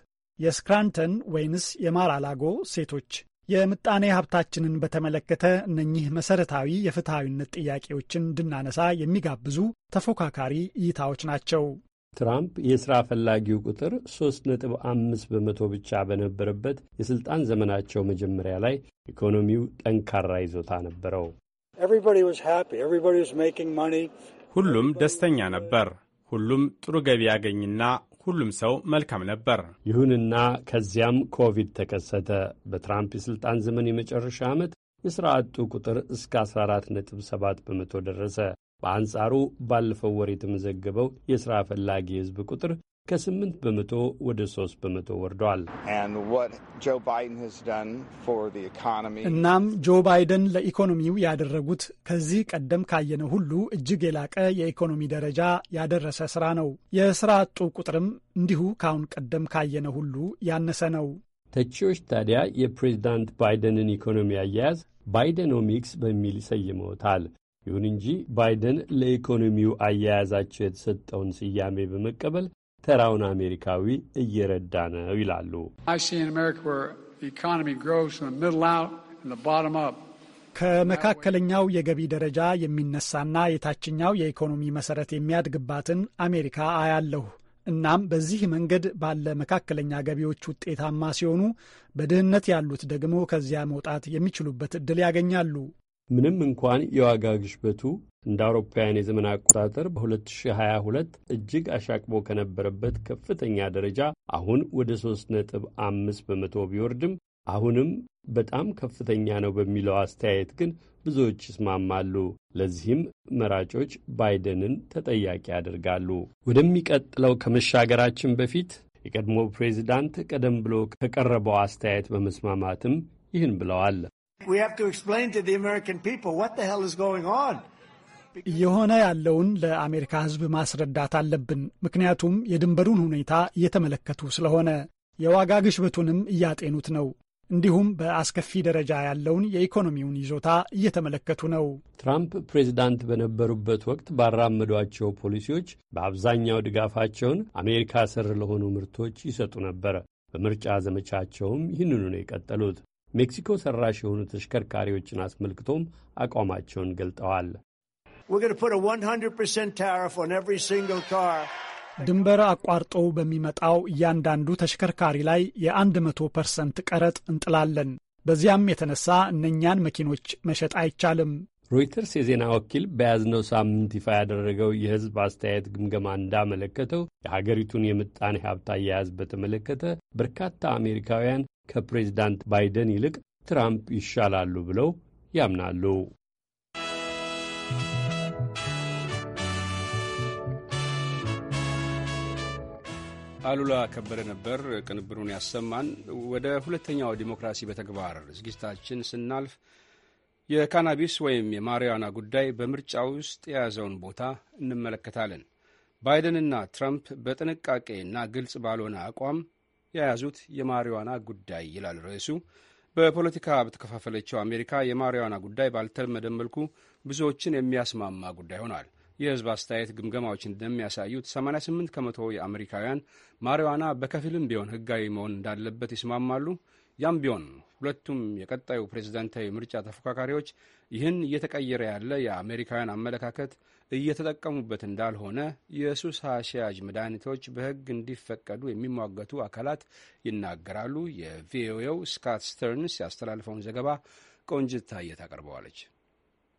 የስክራንተን ወይንስ የማር አላጎ ሴቶች የምጣኔ ሀብታችንን በተመለከተ እነኚህ መሰረታዊ የፍትሐዊነት ጥያቄዎችን እንድናነሳ የሚጋብዙ ተፎካካሪ እይታዎች ናቸው። ትራምፕ የሥራ ፈላጊው ቁጥር 3.5 በመቶ ብቻ በነበረበት የሥልጣን ዘመናቸው መጀመሪያ ላይ ኢኮኖሚው ጠንካራ ይዞታ ነበረው። ሁሉም ደስተኛ ነበር። ሁሉም ጥሩ ገቢ ያገኝና ሁሉም ሰው መልካም ነበር። ይሁንና ከዚያም ኮቪድ ተከሰተ። በትራምፕ የሥልጣን ዘመን የመጨረሻ ዓመት የሥራ አጡ ቁጥር እስከ 14.7 በመቶ ደረሰ። በአንጻሩ ባለፈው ወር የተመዘገበው የሥራ ፈላጊ ሕዝብ ቁጥር ከ8 በመቶ ወደ 3 በመቶ ወርደዋል። እናም ጆ ባይደን ለኢኮኖሚው ያደረጉት ከዚህ ቀደም ካየነው ሁሉ እጅግ የላቀ የኢኮኖሚ ደረጃ ያደረሰ ስራ ነው። የስራ አጡ ቁጥርም እንዲሁ ከአሁን ቀደም ካየነው ሁሉ ያነሰ ነው። ተቺዎች ታዲያ የፕሬዚዳንት ባይደንን ኢኮኖሚ አያያዝ ባይደኖሚክስ በሚል ይሰይመውታል። ይሁን እንጂ ባይደን ለኢኮኖሚው አያያዛቸው የተሰጠውን ስያሜ በመቀበል ተራውን አሜሪካዊ እየረዳ ነው ይላሉ። ከመካከለኛው የገቢ ደረጃ የሚነሳና የታችኛው የኢኮኖሚ መሰረት የሚያድግባትን አሜሪካ አያለሁ። እናም በዚህ መንገድ ባለ መካከለኛ ገቢዎች ውጤታማ ሲሆኑ፣ በድህነት ያሉት ደግሞ ከዚያ መውጣት የሚችሉበት ዕድል ያገኛሉ። ምንም እንኳን የዋጋ ግሽበቱ እንደ አውሮፓውያን የዘመን አቆጣጠር በ2022 እጅግ አሻቅቦ ከነበረበት ከፍተኛ ደረጃ አሁን ወደ 3.5 በመቶ ቢወርድም አሁንም በጣም ከፍተኛ ነው በሚለው አስተያየት ግን ብዙዎች ይስማማሉ። ለዚህም መራጮች ባይደንን ተጠያቂ ያደርጋሉ። ወደሚቀጥለው ከመሻገራችን በፊት የቀድሞ ፕሬዚዳንት ቀደም ብሎ ከቀረበው አስተያየት በመስማማትም ይህን ብለዋል። We have to explain to the American people what the hell is going on. እየሆነ ያለውን ለአሜሪካ ሕዝብ ማስረዳት አለብን። ምክንያቱም የድንበሩን ሁኔታ እየተመለከቱ ስለሆነ የዋጋ ግሽበቱንም እያጤኑት ነው። እንዲሁም በአስከፊ ደረጃ ያለውን የኢኮኖሚውን ይዞታ እየተመለከቱ ነው። ትራምፕ ፕሬዚዳንት በነበሩበት ወቅት ባራመዷቸው ፖሊሲዎች በአብዛኛው ድጋፋቸውን አሜሪካ ስር ለሆኑ ምርቶች ይሰጡ ነበር። በምርጫ ዘመቻቸውም ይህንኑ ነው የቀጠሉት። ሜክሲኮ ሰራሽ የሆኑ ተሽከርካሪዎችን አስመልክቶም አቋማቸውን ገልጠዋል። ድንበር አቋርጦ በሚመጣው እያንዳንዱ ተሽከርካሪ ላይ የ100 ፐርሰንት ቀረጥ እንጥላለን። በዚያም የተነሳ እነኛን መኪኖች መሸጥ አይቻልም። ሮይተርስ የዜና ወኪል በያዝነው ሳምንት ይፋ ያደረገው የሕዝብ አስተያየት ግምገማ እንዳመለከተው የሀገሪቱን የምጣኔ ሀብት አያያዝ በተመለከተ በርካታ አሜሪካውያን ከፕሬዚዳንት ባይደን ይልቅ ትራምፕ ይሻላሉ ብለው ያምናሉ። አሉላ ከበደ ነበር ቅንብሩን ያሰማን። ወደ ሁለተኛው ዲሞክራሲ በተግባር ዝግጅታችን ስናልፍ የካናቢስ ወይም የማሪዋና ጉዳይ በምርጫ ውስጥ የያዘውን ቦታ እንመለከታለን። ባይደንና ትራምፕ በጥንቃቄና ግልጽ ባልሆነ አቋም የያዙት የማሪዋና ጉዳይ ይላል ርዕሱ። በፖለቲካ በተከፋፈለችው አሜሪካ የማሪዋና ጉዳይ ባልተለመደ መልኩ ብዙዎችን የሚያስማማ ጉዳይ ሆኗል። የህዝብ አስተያየት ግምገማዎች እንደሚያሳዩት 88 ከመቶ የአሜሪካውያን ማሪዋና በከፊልም ቢሆን ህጋዊ መሆን እንዳለበት ይስማማሉ። ያም ቢሆን ሁለቱም የቀጣዩ ፕሬዝዳንታዊ ምርጫ ተፎካካሪዎች ይህን እየተቀየረ ያለ የአሜሪካውያን አመለካከት እየተጠቀሙበት እንዳልሆነ የሱስ አስያዥ መድኃኒቶች በህግ እንዲፈቀዱ የሚሟገቱ አካላት ይናገራሉ። የቪኦኤው ስካት ስተርንስ ያስተላልፈውን ዘገባ ቆንጅት ታየ ታቀርበዋለች።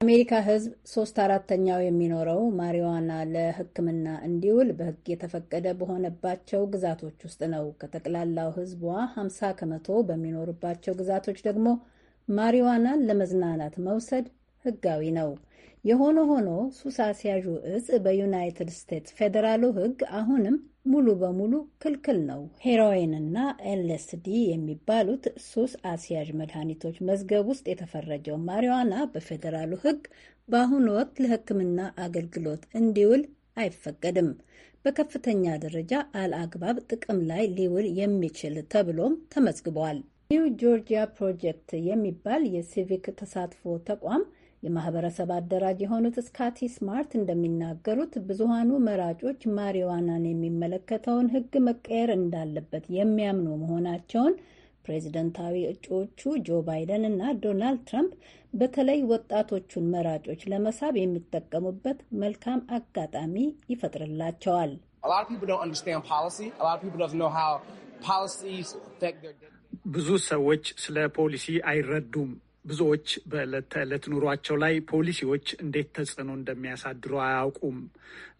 አሜሪካ ሕዝብ ሶስት አራተኛው የሚኖረው ማሪዋና ለሕክምና እንዲውል በሕግ የተፈቀደ በሆነባቸው ግዛቶች ውስጥ ነው። ከጠቅላላው ሕዝቧ 50 ከመቶ በሚኖርባቸው ግዛቶች ደግሞ ማሪዋናን ለመዝናናት መውሰድ ሕጋዊ ነው። የሆነ ሆኖ ሱስ አስያዡ እጽ በዩናይትድ ስቴትስ ፌዴራሉ ሕግ አሁንም ሙሉ በሙሉ ክልክል ነው። ሄሮይን እና ኤልኤስዲ የሚባሉት ሱስ አስያዥ መድኃኒቶች መዝገብ ውስጥ የተፈረጀው ማሪዋና በፌዴራሉ ሕግ በአሁኑ ወቅት ለሕክምና አገልግሎት እንዲውል አይፈቀድም። በከፍተኛ ደረጃ አልአግባብ ጥቅም ላይ ሊውል የሚችል ተብሎም ተመዝግቧል። ኒው ጆርጂያ ፕሮጀክት የሚባል የሲቪክ ተሳትፎ ተቋም የማህበረሰብ አደራጅ የሆኑት ስካቲ ስማርት እንደሚናገሩት ብዙሃኑ መራጮች ማሪዋናን የሚመለከተውን ሕግ መቀየር እንዳለበት የሚያምኑ መሆናቸውን ፕሬዚደንታዊ እጩዎቹ ጆ ባይደን እና ዶናልድ ትራምፕ በተለይ ወጣቶቹን መራጮች ለመሳብ የሚጠቀሙበት መልካም አጋጣሚ ይፈጥርላቸዋል። ብዙ ሰዎች ስለ ፖሊሲ አይረዱም። ብዙዎች በዕለት ተዕለት ኑሯቸው ላይ ፖሊሲዎች እንዴት ተጽዕኖ እንደሚያሳድሩ አያውቁም።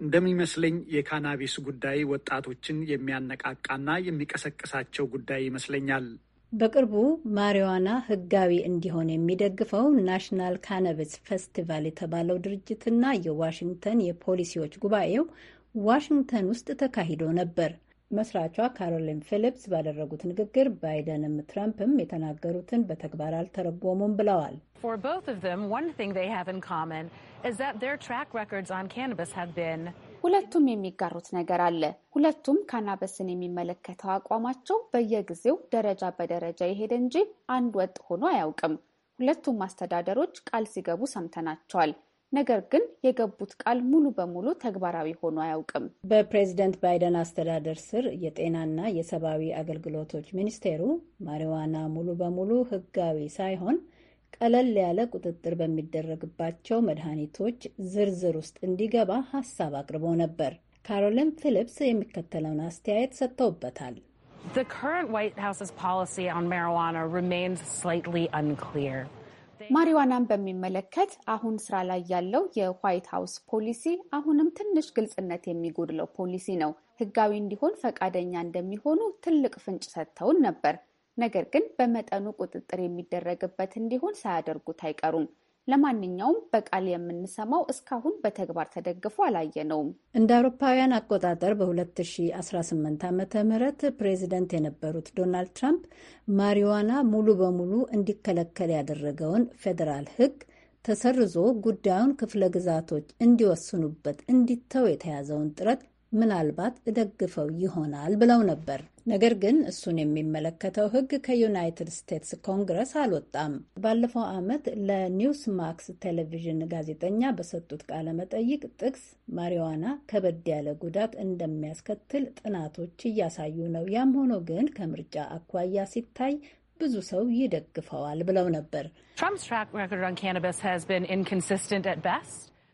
እንደሚመስለኝ የካናቢስ ጉዳይ ወጣቶችን የሚያነቃቃና የሚቀሰቅሳቸው ጉዳይ ይመስለኛል። በቅርቡ ማሪዋና ሕጋዊ እንዲሆን የሚደግፈው ናሽናል ካናቢስ ፌስቲቫል የተባለው ድርጅትና የዋሽንግተን የፖሊሲዎች ጉባኤው ዋሽንግተን ውስጥ ተካሂዶ ነበር። መስራቿ ካሮሊን ፊሊፕስ ባደረጉት ንግግር ባይደንም ትራምፕም የተናገሩትን በተግባር አልተረጎሙም ብለዋል። ሁለቱም የሚጋሩት ነገር አለ። ሁለቱም ካናበስን የሚመለከተው አቋማቸው በየጊዜው ደረጃ በደረጃ የሄደ እንጂ አንድ ወጥ ሆኖ አያውቅም። ሁለቱም አስተዳደሮች ቃል ሲገቡ ሰምተናቸዋል። ነገር ግን የገቡት ቃል ሙሉ በሙሉ ተግባራዊ ሆኖ አያውቅም። በፕሬዚደንት ባይደን አስተዳደር ስር የጤናና የሰብአዊ አገልግሎቶች ሚኒስቴሩ ማሪዋና ሙሉ በሙሉ ሕጋዊ ሳይሆን ቀለል ያለ ቁጥጥር በሚደረግባቸው መድኃኒቶች ዝርዝር ውስጥ እንዲገባ ሀሳብ አቅርቦ ነበር። ካሮሊን ፊሊፕስ የሚከተለውን አስተያየት ሰጥተውበታል። The current White House's policy on marijuana remains slightly unclear. ማሪዋናን በሚመለከት አሁን ስራ ላይ ያለው የዋይት ሀውስ ፖሊሲ አሁንም ትንሽ ግልጽነት የሚጎድለው ፖሊሲ ነው። ህጋዊ እንዲሆን ፈቃደኛ እንደሚሆኑ ትልቅ ፍንጭ ሰጥተውን ነበር። ነገር ግን በመጠኑ ቁጥጥር የሚደረግበት እንዲሆን ሳያደርጉት አይቀሩም። ለማንኛውም በቃል የምንሰማው እስካሁን በተግባር ተደግፎ አላየነውም። እንደ አውሮፓውያን አቆጣጠር በ2018 ዓ ም ፕሬዚደንት የነበሩት ዶናልድ ትራምፕ ማሪዋና ሙሉ በሙሉ እንዲከለከል ያደረገውን ፌዴራል ሕግ ተሰርዞ ጉዳዩን ክፍለ ግዛቶች እንዲወስኑበት እንዲተው የተያዘውን ጥረት ምናልባት እደግፈው ይሆናል ብለው ነበር። ነገር ግን እሱን የሚመለከተው ሕግ ከዩናይትድ ስቴትስ ኮንግረስ አልወጣም። ባለፈው ዓመት ለኒውስ ማክስ ቴሌቪዥን ጋዜጠኛ በሰጡት ቃለ መጠይቅ ጥቅስ ማሪዋና ከበድ ያለ ጉዳት እንደሚያስከትል ጥናቶች እያሳዩ ነው፣ ያም ሆኖ ግን ከምርጫ አኳያ ሲታይ ብዙ ሰው ይደግፈዋል ብለው ነበር።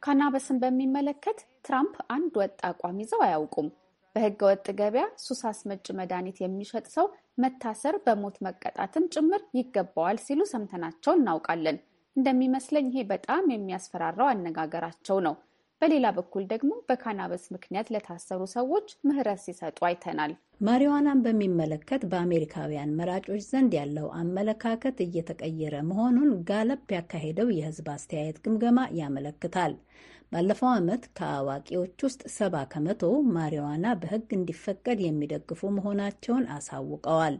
ካናበስን በሚመለከት ትራምፕ አንድ ወጥ አቋም ይዘው አያውቁም። በህገ ወጥ ገበያ ሱስ አስመጭ መድኃኒት የሚሸጥ ሰው መታሰር፣ በሞት መቀጣትም ጭምር ይገባዋል ሲሉ ሰምተናቸው እናውቃለን። እንደሚመስለኝ ይሄ በጣም የሚያስፈራራው አነጋገራቸው ነው። በሌላ በኩል ደግሞ በካናበስ ምክንያት ለታሰሩ ሰዎች ምህረት ሲሰጡ አይተናል። ማሪዋናን በሚመለከት በአሜሪካውያን መራጮች ዘንድ ያለው አመለካከት እየተቀየረ መሆኑን ጋለፕ ያካሄደው የህዝብ አስተያየት ግምገማ ያመለክታል። ባለፈው ዓመት ከአዋቂዎች ውስጥ ሰባ ከመቶ ማሪዋና በሕግ እንዲፈቀድ የሚደግፉ መሆናቸውን አሳውቀዋል።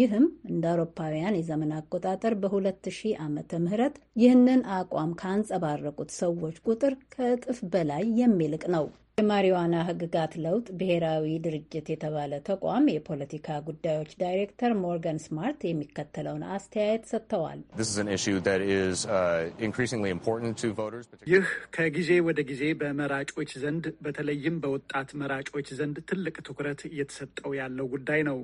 ይህም እንደ አውሮፓውያን የዘመን አቆጣጠር በ2000 ዓመተ ምህረት ይህንን አቋም ካንጸባረቁት ሰዎች ቁጥር ከእጥፍ በላይ የሚልቅ ነው። የማሪዋና ህግጋት ለውጥ ብሔራዊ ድርጅት የተባለ ተቋም የፖለቲካ ጉዳዮች ዳይሬክተር ሞርጋን ስማርት የሚከተለውን አስተያየት ሰጥተዋል። uh, ይህ ከጊዜ ወደ ጊዜ በመራጮች ዘንድ በተለይም በወጣት መራጮች ዘንድ ትልቅ ትኩረት እየተሰጠው ያለው ጉዳይ ነው።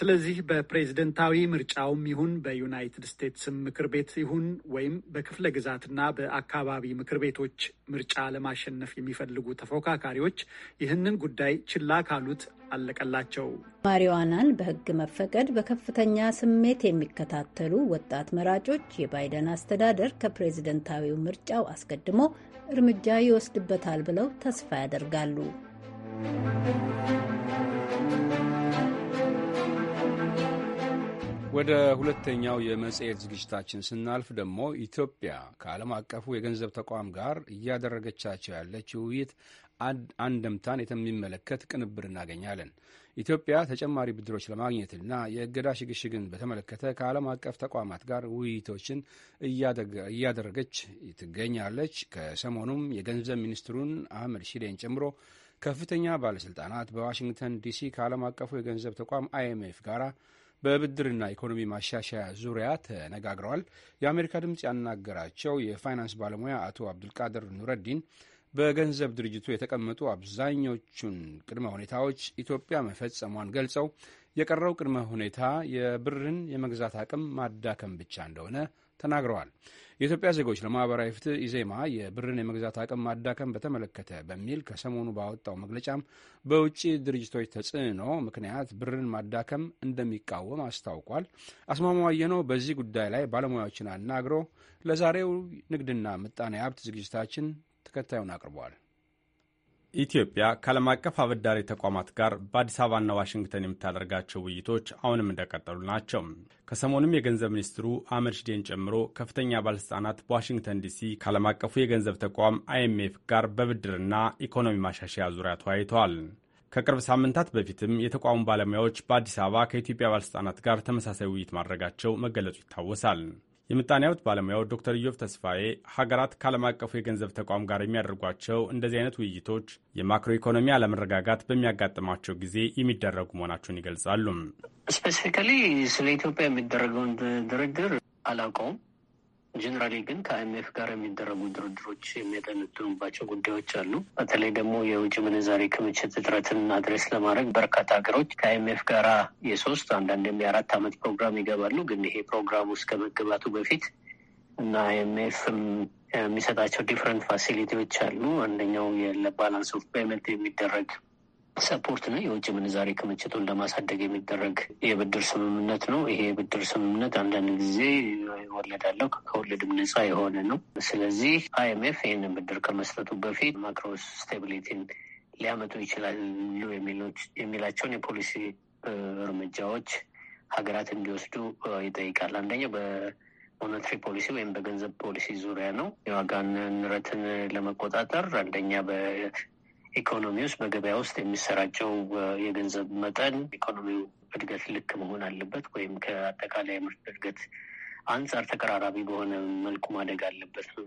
ስለዚህ በፕሬዝደንታዊ ምርጫውም ይሁን በዩናይትድ ስቴትስ ምክር ቤት ይሁን ወይም በክፍለ ግዛትና በአካባቢ ምክር ቤቶች ምርጫ ለማሸነፍ የሚፈልጉ ተፎካካሪ መሪዎች ይህንን ጉዳይ ችላ ካሉት አለቀላቸው። ማሪዋናን በሕግ መፈቀድ በከፍተኛ ስሜት የሚከታተሉ ወጣት መራጮች የባይደን አስተዳደር ከፕሬዝደንታዊው ምርጫው አስቀድሞ እርምጃ ይወስድበታል ብለው ተስፋ ያደርጋሉ። ወደ ሁለተኛው የመጽሔት ዝግጅታችን ስናልፍ ደግሞ ኢትዮጵያ ከዓለም አቀፉ የገንዘብ ተቋም ጋር እያደረገቻቸው ያለች ውይይት አንደምታን የሚመለከት ቅንብር እናገኛለን። ኢትዮጵያ ተጨማሪ ብድሮች ለማግኘትና የእገዳ ሽግሽግን በተመለከተ ከዓለም አቀፍ ተቋማት ጋር ውይይቶችን እያደረገች ትገኛለች። ከሰሞኑም የገንዘብ ሚኒስትሩን አህመድ ሺዴን ጨምሮ ከፍተኛ ባለሥልጣናት በዋሽንግተን ዲሲ ከዓለም አቀፉ የገንዘብ ተቋም አይኤምኤፍ ጋር በብድርና ኢኮኖሚ ማሻሻያ ዙሪያ ተነጋግረዋል። የአሜሪካ ድምፅ ያናገራቸው የፋይናንስ ባለሙያ አቶ አብዱልቃድር ኑረዲን በገንዘብ ድርጅቱ የተቀመጡ አብዛኞቹን ቅድመ ሁኔታዎች ኢትዮጵያ መፈጸሟን ገልጸው የቀረው ቅድመ ሁኔታ የብርን የመግዛት አቅም ማዳከም ብቻ እንደሆነ ተናግረዋል። የኢትዮጵያ ዜጎች ለማህበራዊ ፍትህ ኢዜማ የብርን የመግዛት አቅም ማዳከም በተመለከተ በሚል ከሰሞኑ ባወጣው መግለጫም በውጭ ድርጅቶች ተጽዕኖ ምክንያት ብርን ማዳከም እንደሚቃወም አስታውቋል። አስማማዋየ ነው በዚህ ጉዳይ ላይ ባለሙያዎችን አናግሮ ለዛሬው ንግድና ምጣኔ ሀብት ዝግጅታችን ተከታዩን አቅርበዋል። ኢትዮጵያ ከዓለም አቀፍ አበዳሪ ተቋማት ጋር በአዲስ አበባና ዋሽንግተን የምታደርጋቸው ውይይቶች አሁንም እንደቀጠሉ ናቸው። ከሰሞኑም የገንዘብ ሚኒስትሩ አህመድ ሽዴን ጨምሮ ከፍተኛ ባለሥልጣናት በዋሽንግተን ዲሲ ከዓለም አቀፉ የገንዘብ ተቋም አይኤምኤፍ ጋር በብድርና ኢኮኖሚ ማሻሻያ ዙሪያ ተወያይተዋል። ከቅርብ ሳምንታት በፊትም የተቋሙ ባለሙያዎች በአዲስ አበባ ከኢትዮጵያ ባለሥልጣናት ጋር ተመሳሳይ ውይይት ማድረጋቸው መገለጹ ይታወሳል። የምጣኔ ሀብት ባለሙያው ዶክተር ኢዮብ ተስፋዬ ሀገራት ከዓለም አቀፉ የገንዘብ ተቋም ጋር የሚያደርጓቸው እንደዚህ አይነት ውይይቶች የማክሮ ኢኮኖሚ አለመረጋጋት በሚያጋጥማቸው ጊዜ የሚደረጉ መሆናቸውን ይገልጻሉ። ስፔሲፊካሊ ስለ ኢትዮጵያ የሚደረገውን ድርድር አላውቀውም። ጀነራሊ ግን ከአይምኤፍ ጋር የሚደረጉ ድርድሮች የሚያጠነጥኑባቸው ጉዳዮች አሉ። በተለይ ደግሞ የውጭ ምንዛሬ ክምችት እጥረትን አድሬስ ለማድረግ በርካታ ሀገሮች ከአይምኤፍ ጋር የሶስት አንዳንድም የአራት ዓመት ፕሮግራም ይገባሉ። ግን ይሄ ፕሮግራም ውስጥ መገባቱ በፊት እና አይምኤፍም የሚሰጣቸው ዲፍረንት ፋሲሊቲዎች አሉ። አንደኛው ለባላንስ ኦፍ ፔመንት የሚደረግ ሰፖርት ነው። የውጭ ምንዛሬ ክምችቱን ለማሳደግ የሚደረግ የብድር ስምምነት ነው። ይሄ የብድር ስምምነት አንዳንድ ጊዜ ወለድ አለው፣ ከወለድም ነፃ የሆነ ነው። ስለዚህ አይኤምኤፍ ይህንን ብድር ከመስጠቱ በፊት ማክሮ ስቴቢሊቲን ሊያመጡ ይችላሉ የሚላቸውን የፖሊሲ እርምጃዎች ሀገራት እንዲወስዱ ይጠይቃል። አንደኛው በሞኔታሪ ፖሊሲ ወይም በገንዘብ ፖሊሲ ዙሪያ ነው። የዋጋ ንረትን ለመቆጣጠር አንደኛ ኢኮኖሚ ውስጥ በገበያ ውስጥ የሚሰራጨው የገንዘብ መጠን ኢኮኖሚው እድገት ልክ መሆን አለበት ወይም ከአጠቃላይ ምርት እድገት አንጻር ተቀራራቢ በሆነ መልኩ ማደግ አለበት ነው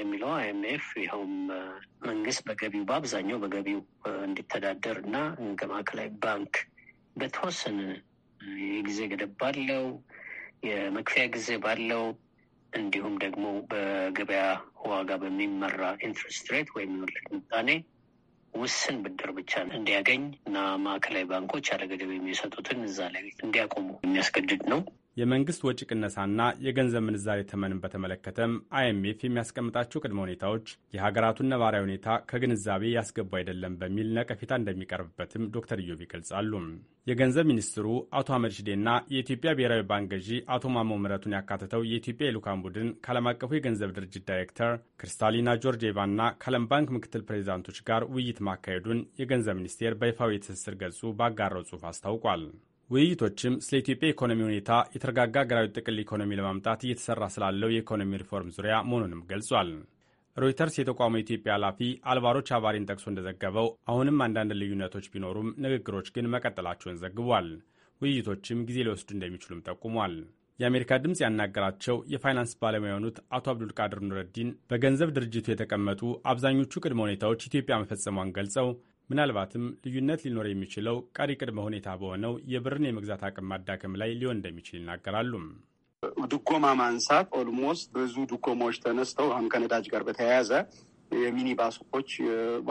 የሚለው አይኤምኤፍ። ይኸውም መንግስት በገቢው በአብዛኛው በገቢው እንዲተዳደር እና ከማዕከላዊ ባንክ በተወሰነ የጊዜ ገደብ ባለው የመክፈያ ጊዜ ባለው እንዲሁም ደግሞ በገበያ ዋጋ በሚመራ ኢንትረስት ሬት ወይም የወለድ ምጣኔ ውስን ብድር ብቻ እንዲያገኝ እና ማዕከላዊ ባንኮች አለገደብ የሚሰጡትን እዛ ላይ እንዲያቆሙ የሚያስገድድ ነው። የመንግስት ወጪ ቅነሳና የገንዘብ ምንዛሬ ተመንን በተመለከተም አይኤምኤፍ የሚያስቀምጣቸው ቅድመ ሁኔታዎች የሀገራቱን ነባራዊ ሁኔታ ከግንዛቤ ያስገቡ አይደለም በሚል ነቀፌታ እንደሚቀርብበትም ዶክተር ኢዮብ ይገልጻሉ። የገንዘብ ሚኒስትሩ አቶ አህመድ ሽዴና የኢትዮጵያ ብሔራዊ ባንክ ገዢ አቶ ማሞ ምረቱን ያካተተው የኢትዮጵያ የልዑካን ቡድን ከዓለም አቀፉ የገንዘብ ድርጅት ዳይሬክተር ክሪስታሊና ጆርጂቫና ከዓለም ባንክ ምክትል ፕሬዚዳንቶች ጋር ውይይት ማካሄዱን የገንዘብ ሚኒስቴር በይፋዊ የትስስር ገጹ ባጋረው ጽሑፍ አስታውቋል። ውይይቶችም ስለ ኢትዮጵያ ኢኮኖሚ ሁኔታ፣ የተረጋጋ ሀገራዊ ጥቅል ኢኮኖሚ ለማምጣት እየተሰራ ስላለው የኢኮኖሚ ሪፎርም ዙሪያ መሆኑንም ገልጿል። ሮይተርስ የተቋሙ የኢትዮጵያ ኃላፊ አልቫሮ ቻቫሪን ጠቅሶ እንደዘገበው አሁንም አንዳንድ ልዩነቶች ቢኖሩም ንግግሮች ግን መቀጠላቸውን ዘግቧል። ውይይቶችም ጊዜ ሊወስዱ እንደሚችሉም ጠቁሟል። የአሜሪካ ድምፅ ያናገራቸው የፋይናንስ ባለሙያ የሆኑት አቶ አብዱልቃድር ኑረዲን በገንዘብ ድርጅቱ የተቀመጡ አብዛኞቹ ቅድመ ሁኔታዎች ኢትዮጵያ መፈጸሟን ገልጸው ምናልባትም ልዩነት ሊኖር የሚችለው ቀሪ ቅድመ ሁኔታ በሆነው የብርን የመግዛት አቅም ማዳከም ላይ ሊሆን እንደሚችል ይናገራሉ። ድጎማ ማንሳት ኦልሞስት ብዙ ድጎማዎች ተነስተው አሁን ከነዳጅ ጋር በተያያዘ የሚኒ ባሶች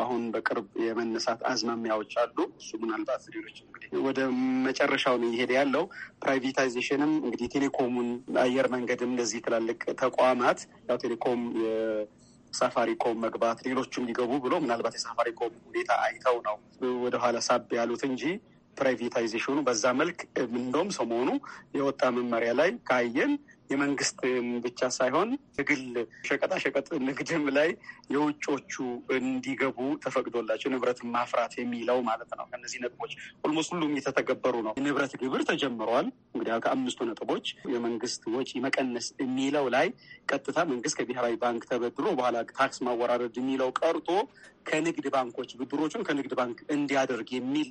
አሁን በቅርብ የመነሳት አዝማሚያዎች አሉ። እሱ ምናልባት ሌሎች እንግዲህ ወደ መጨረሻው ነው እየሄደ ያለው። ፕራይቬታይዜሽንም እንግዲህ ቴሌኮሙን፣ አየር መንገድም እንደዚህ ትላልቅ ተቋማት ያው ቴሌኮም ሳፋሪኮም መግባት፣ ሌሎቹም ሊገቡ ብሎ ምናልባት የሳፋሪኮም ሁኔታ አይተው ነው ወደኋላ ሳብ ያሉት እንጂ ፕራይቬታይዜሽኑ በዛ መልክ እንደውም ሰሞኑ የወጣ መመሪያ ላይ ካየን የመንግስት ብቻ ሳይሆን ትግል ሸቀጣሸቀጥ ንግድም ላይ የውጮቹ እንዲገቡ ተፈቅዶላቸው ንብረት ማፍራት የሚለው ማለት ነው። ከነዚህ ነጥቦች ኦልሞስት ሁሉም እየተተገበሩ ነው። የንብረት ግብር ተጀምሯል። እንግዲህ ከአምስቱ ነጥቦች የመንግስት ወጪ መቀነስ የሚለው ላይ ቀጥታ መንግስት ከብሔራዊ ባንክ ተበድሮ በኋላ ታክስ ማወራረድ የሚለው ቀርቶ ከንግድ ባንኮች ብድሮቹን ከንግድ ባንክ እንዲያደርግ የሚል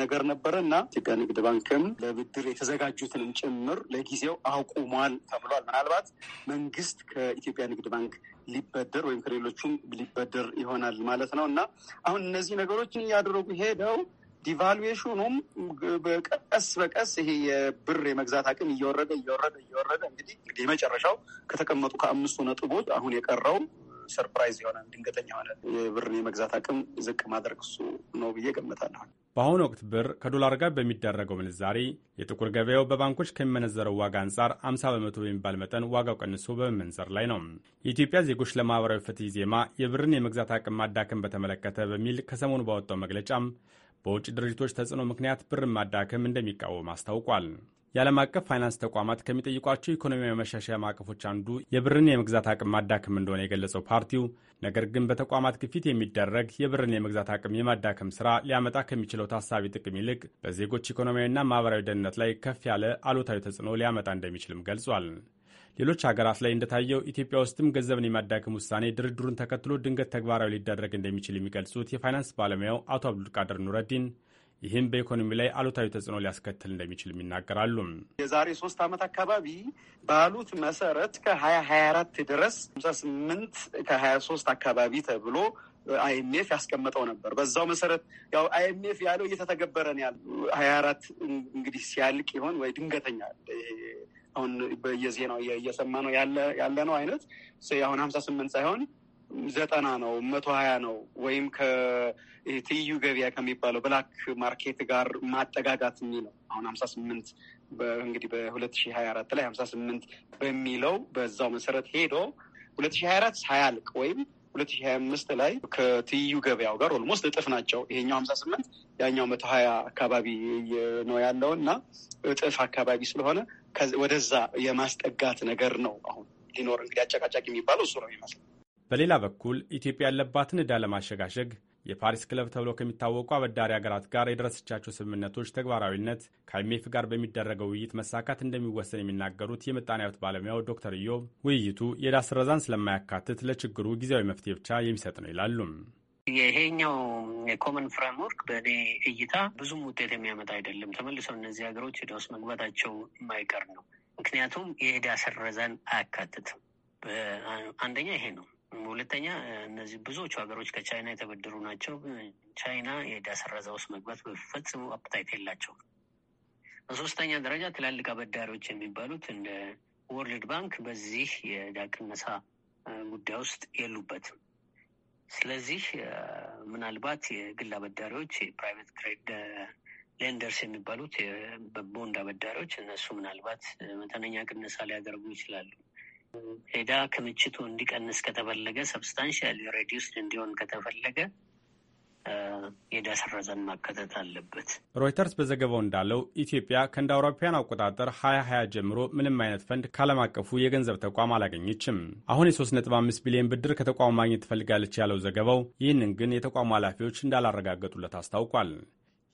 ነገር ነበረ እና ኢትዮጵያ ንግድ ባንክም ለብድር የተዘጋጁትንም ጭምር ለጊዜው አቁሟል ተብሏል። ምናልባት መንግስት ከኢትዮጵያ ንግድ ባንክ ሊበደር ወይም ከሌሎቹም ሊበደር ይሆናል ማለት ነው እና አሁን እነዚህ ነገሮችን እያደረጉ ሄደው ዲቫሉዌሽኑም በቀስ በቀስ ይሄ የብር የመግዛት አቅም እየወረደ እየወረደ እየወረደ እንግዲህ እንግዲህ የመጨረሻው ከተቀመጡ ከአምስቱ ነጥቦች አሁን የቀረው ሰርፕራይዝ የሆነ ድንገተኛ የሆነ የብር የመግዛት አቅም ዝቅ ማድረግ እሱ ነው ብዬ ገምታለሁ። በአሁኑ ወቅት ብር ከዶላር ጋር በሚደረገው ምንዛሬ የጥቁር ገበያው በባንኮች ከሚመነዘረው ዋጋ አንጻር 50 በመቶ በሚባል መጠን ዋጋው ቀንሶ በመመንዘር ላይ ነው። የኢትዮጵያ ዜጎች ለማህበራዊ ፍትህ ዜማ የብርን የመግዛት አቅም ማዳከም በተመለከተ በሚል ከሰሞኑ ባወጣው መግለጫም በውጭ ድርጅቶች ተጽዕኖ ምክንያት ብርን ማዳከም እንደሚቃወም አስታውቋል። የዓለም አቀፍ ፋይናንስ ተቋማት ከሚጠይቋቸው ኢኮኖሚያዊ መሻሻያ ማዕቀፎች አንዱ የብርን የመግዛት አቅም ማዳከም እንደሆነ የገለጸው ፓርቲው ነገር ግን በተቋማት ግፊት የሚደረግ የብርን የመግዛት አቅም የማዳከም ስራ ሊያመጣ ከሚችለው ታሳቢ ጥቅም ይልቅ በዜጎች ኢኮኖሚያዊና ማህበራዊ ደህንነት ላይ ከፍ ያለ አሉታዊ ተጽዕኖ ሊያመጣ እንደሚችልም ገልጿል። ሌሎች ሀገራት ላይ እንደታየው ኢትዮጵያ ውስጥም ገንዘብን የማዳከም ውሳኔ ድርድሩን ተከትሎ ድንገት ተግባራዊ ሊደረግ እንደሚችል የሚገልጹት የፋይናንስ ባለሙያው አቶ አብዱልቃድር ኑረዲን ይህም በኢኮኖሚ ላይ አሉታዊ ተጽዕኖ ሊያስከትል እንደሚችልም ይናገራሉ። የዛሬ ሶስት ዓመት አካባቢ ባሉት መሰረት ከሀያ ሀያ አራት ድረስ ሀምሳ ስምንት ከሀያ ሶስት አካባቢ ተብሎ አይኤምኤፍ ያስቀመጠው ነበር። በዛው መሰረት ያው አይኤምኤፍ ያለው እየተተገበረ ነው ያለው። ሀያ አራት እንግዲህ ሲያልቅ ይሆን ወይ ድንገተኛ አሁን በየዜናው እየሰማ ነው ያለ ነው አይነት አሁን ሀምሳ ስምንት ሳይሆን ዘጠና ነው መቶ ሀያ ነው ወይም ከትይዩ ገበያ ከሚባለው ብላክ ማርኬት ጋር ማጠጋጋት የሚለው አሁን ሀምሳ ስምንት እንግዲህ በሁለት ሺህ ሀያ አራት ላይ ሀምሳ ስምንት በሚለው በዛው መሰረት ሄዶ ሁለት ሺህ ሀያ አራት ሳያልቅ ወይም ሁለት ሺህ ሀያ አምስት ላይ ከትይዩ ገበያው ጋር ኦልሞስት እጥፍ ናቸው። ይሄኛው ሀምሳ ስምንት ያኛው መቶ ሀያ አካባቢ ነው ያለው እና እጥፍ አካባቢ ስለሆነ ወደዛ የማስጠጋት ነገር ነው አሁን ሊኖር እንግዲህ አጨቃጫቂ የሚባለው እሱ ነው ይመስላል። በሌላ በኩል ኢትዮጵያ ያለባትን ዕዳ ለማሸጋሸግ የፓሪስ ክለብ ተብሎ ከሚታወቁ አበዳሪ ሀገራት ጋር የደረሰቻቸው ስምምነቶች ተግባራዊነት ከአይሜፍ ጋር በሚደረገው ውይይት መሳካት እንደሚወሰን የሚናገሩት የምጣኔ ሀብት ባለሙያው ዶክተር ኢዮብ ውይይቱ የዕዳ ስረዛን ስለማያካትት ለችግሩ ጊዜያዊ መፍትሄ ብቻ የሚሰጥ ነው ይላሉም። ይሄኛው የኮመን ፍሬምወርክ በእኔ እይታ ብዙም ውጤት የሚያመጣ አይደለም። ተመልሰው እነዚህ ሀገሮች ዕዳ ውስጥ መግባታቸው የማይቀር ነው። ምክንያቱም የዕዳ ስረዛን አያካትትም። አንደኛ ይሄ ነው። ሁለተኛ እነዚህ ብዙዎቹ ሀገሮች ከቻይና የተበደሩ ናቸው። ቻይና የዕዳ ሰረዛ ውስጥ መግባት በፈጽሞ አፕታይት የላቸውም። በሶስተኛ ደረጃ ትላልቅ አበዳሪዎች የሚባሉት እንደ ወርልድ ባንክ በዚህ የዕዳ ቅነሳ ጉዳይ ውስጥ የሉበትም። ስለዚህ ምናልባት የግል አበዳሪዎች የፕራይቬት ክሬድ ሌንደርስ የሚባሉት በቦንድ አበዳሪዎች እነሱ ምናልባት መጠነኛ ቅነሳ ሊያደርጉ ይችላሉ። ሄዳ ክምችቱ እንዲቀንስ ከተፈለገ ሰብስታንሻል ሬዲስ እንዲሆን ከተፈለገ ሄዳ ሰረዘን ማከተት አለበት። ሮይተርስ በዘገባው እንዳለው ኢትዮጵያ ከእንደ አውሮፓውያን አቆጣጠር ሀያ ሀያ ጀምሮ ምንም አይነት ፈንድ ካለም አቀፉ የገንዘብ ተቋም አላገኘችም። አሁን የሶስት ነጥብ አምስት ቢሊዮን ብድር ከተቋሙ ማግኘት ትፈልጋለች ያለው ዘገባው፣ ይህንን ግን የተቋሙ ኃላፊዎች እንዳላረጋገጡለት አስታውቋል።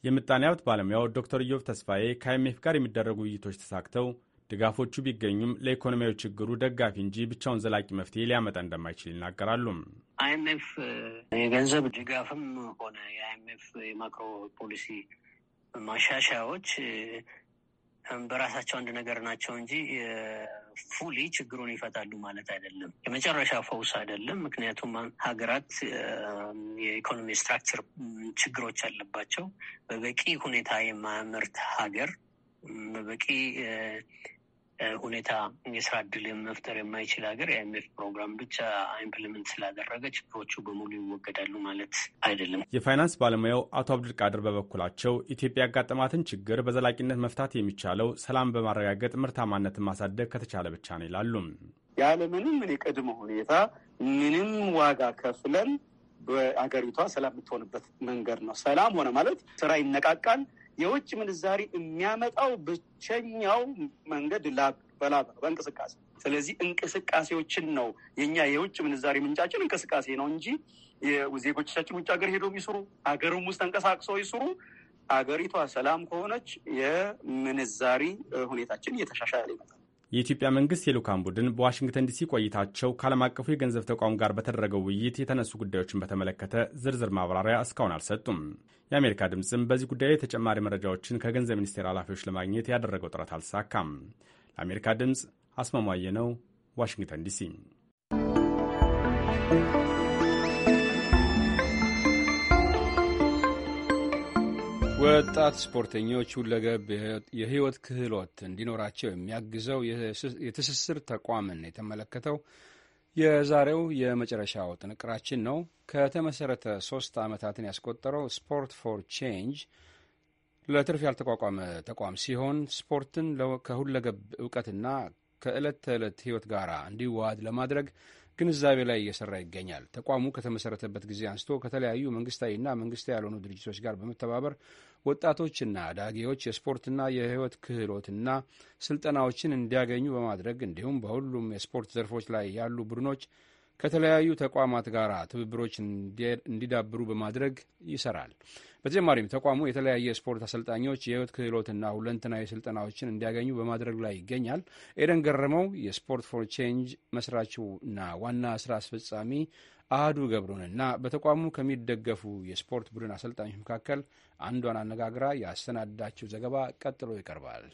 የምጣኔ ሀብት ባለሙያው ዶክተር ኢዮብ ተስፋዬ ከአይኤምኤፍ ጋር የሚደረጉ ውይይቶች ተሳክተው ድጋፎቹ ቢገኙም ለኢኮኖሚያዊ ችግሩ ደጋፊ እንጂ ብቻውን ዘላቂ መፍትሄ ሊያመጣ እንደማይችል ይናገራሉ። አይኤምኤፍ የገንዘብ ድጋፍም ሆነ የአይኤምኤፍ የማክሮ ፖሊሲ ማሻሻያዎች በራሳቸው አንድ ነገር ናቸው እንጂ ፉሊ ችግሩን ይፈታሉ ማለት አይደለም። የመጨረሻ ፈውስ አይደለም። ምክንያቱም ሀገራት የኢኮኖሚ ስትራክቸር ችግሮች አለባቸው። በበቂ ሁኔታ የማያመርት ሀገር በበቂ ሁኔታ የስራ እድል መፍጠር የማይችል ሀገር የአይምኤፍ ፕሮግራም ብቻ ኢምፕሊመንት ስላደረገ ችግሮቹ በሙሉ ይወገዳሉ ማለት አይደለም። የፋይናንስ ባለሙያው አቶ አብዱልቃድር ቃድር በበኩላቸው ኢትዮጵያ ያጋጠማትን ችግር በዘላቂነት መፍታት የሚቻለው ሰላም በማረጋገጥ ምርታማነትን ማሳደግ ከተቻለ ብቻ ነው ይላሉ። ያለምንም ምን የቅድመ ሁኔታ ምንም ዋጋ ከፍለን በአገሪቷ ሰላም የምትሆንበት መንገድ ነው። ሰላም ሆነ ማለት ስራ ይነቃቃል። የውጭ ምንዛሪ የሚያመጣው ብቸኛው መንገድ ላብ በላብ በእንቅስቃሴ። ስለዚህ እንቅስቃሴዎችን ነው የኛ የውጭ ምንዛሪ ምንጫችን እንቅስቃሴ ነው እንጂ ዜጎቻችን ውጭ ሀገር ሄደው ይስሩ፣ ሀገርም ውስጥ ተንቀሳቅሰው ይስሩ፣ አገሪቷ ሰላም ከሆነች የምንዛሪ ሁኔታችን እየተሻሻለ ይመጣል። የኢትዮጵያ መንግስት የልኡካን ቡድን በዋሽንግተን ዲሲ ቆይታቸው ከዓለም አቀፉ የገንዘብ ተቋም ጋር በተደረገው ውይይት የተነሱ ጉዳዮችን በተመለከተ ዝርዝር ማብራሪያ እስካሁን አልሰጡም። የአሜሪካ ድምፅም በዚህ ጉዳይ ላይ ተጨማሪ መረጃዎችን ከገንዘብ ሚኒስቴር ኃላፊዎች ለማግኘት ያደረገው ጥረት አልተሳካም። ለአሜሪካ ድምፅ አስማማየ ነው፣ ዋሽንግተን ዲሲ ወጣት ስፖርተኞች ሁለገብ የህይወት ክህሎት እንዲኖራቸው የሚያግዘው የትስስር ተቋምን የተመለከተው የዛሬው የመጨረሻው ጥንቅራችን ነው። ከተመሰረተ ሶስት ዓመታትን ያስቆጠረው ስፖርት ፎር ቼንጅ ለትርፍ ያልተቋቋመ ተቋም ሲሆን ስፖርትን ከሁለገብ እውቀትና ከዕለት ተዕለት ህይወት ጋር እንዲዋሃድ ለማድረግ ግንዛቤ ላይ እየሰራ ይገኛል። ተቋሙ ከተመሰረተበት ጊዜ አንስቶ ከተለያዩ መንግስታዊና መንግስታዊ ያልሆኑ ድርጅቶች ጋር በመተባበር ወጣቶችና አዳጊዎች የስፖርትና የህይወት ክህሎትና ስልጠናዎችን እንዲያገኙ በማድረግ እንዲሁም በሁሉም የስፖርት ዘርፎች ላይ ያሉ ቡድኖች ከተለያዩ ተቋማት ጋር ትብብሮች እንዲዳብሩ በማድረግ ይሰራል። በተጨማሪም ተቋሙ የተለያዩ የስፖርት አሰልጣኞች የህይወት ክህሎትና ሁለንተናዊ ስልጠናዎችን እንዲያገኙ በማድረግ ላይ ይገኛል። ኤደን ገረመው የስፖርት ፎር ቼንጅ መስራችና ዋና ስራ አስፈጻሚ አህዱ ገብሩንና በተቋሙ ከሚደገፉ የስፖርት ቡድን አሰልጣኞች መካከል አንዷን አነጋግራ ያሰናዳችው ዘገባ ቀጥሎ ይቀርባል።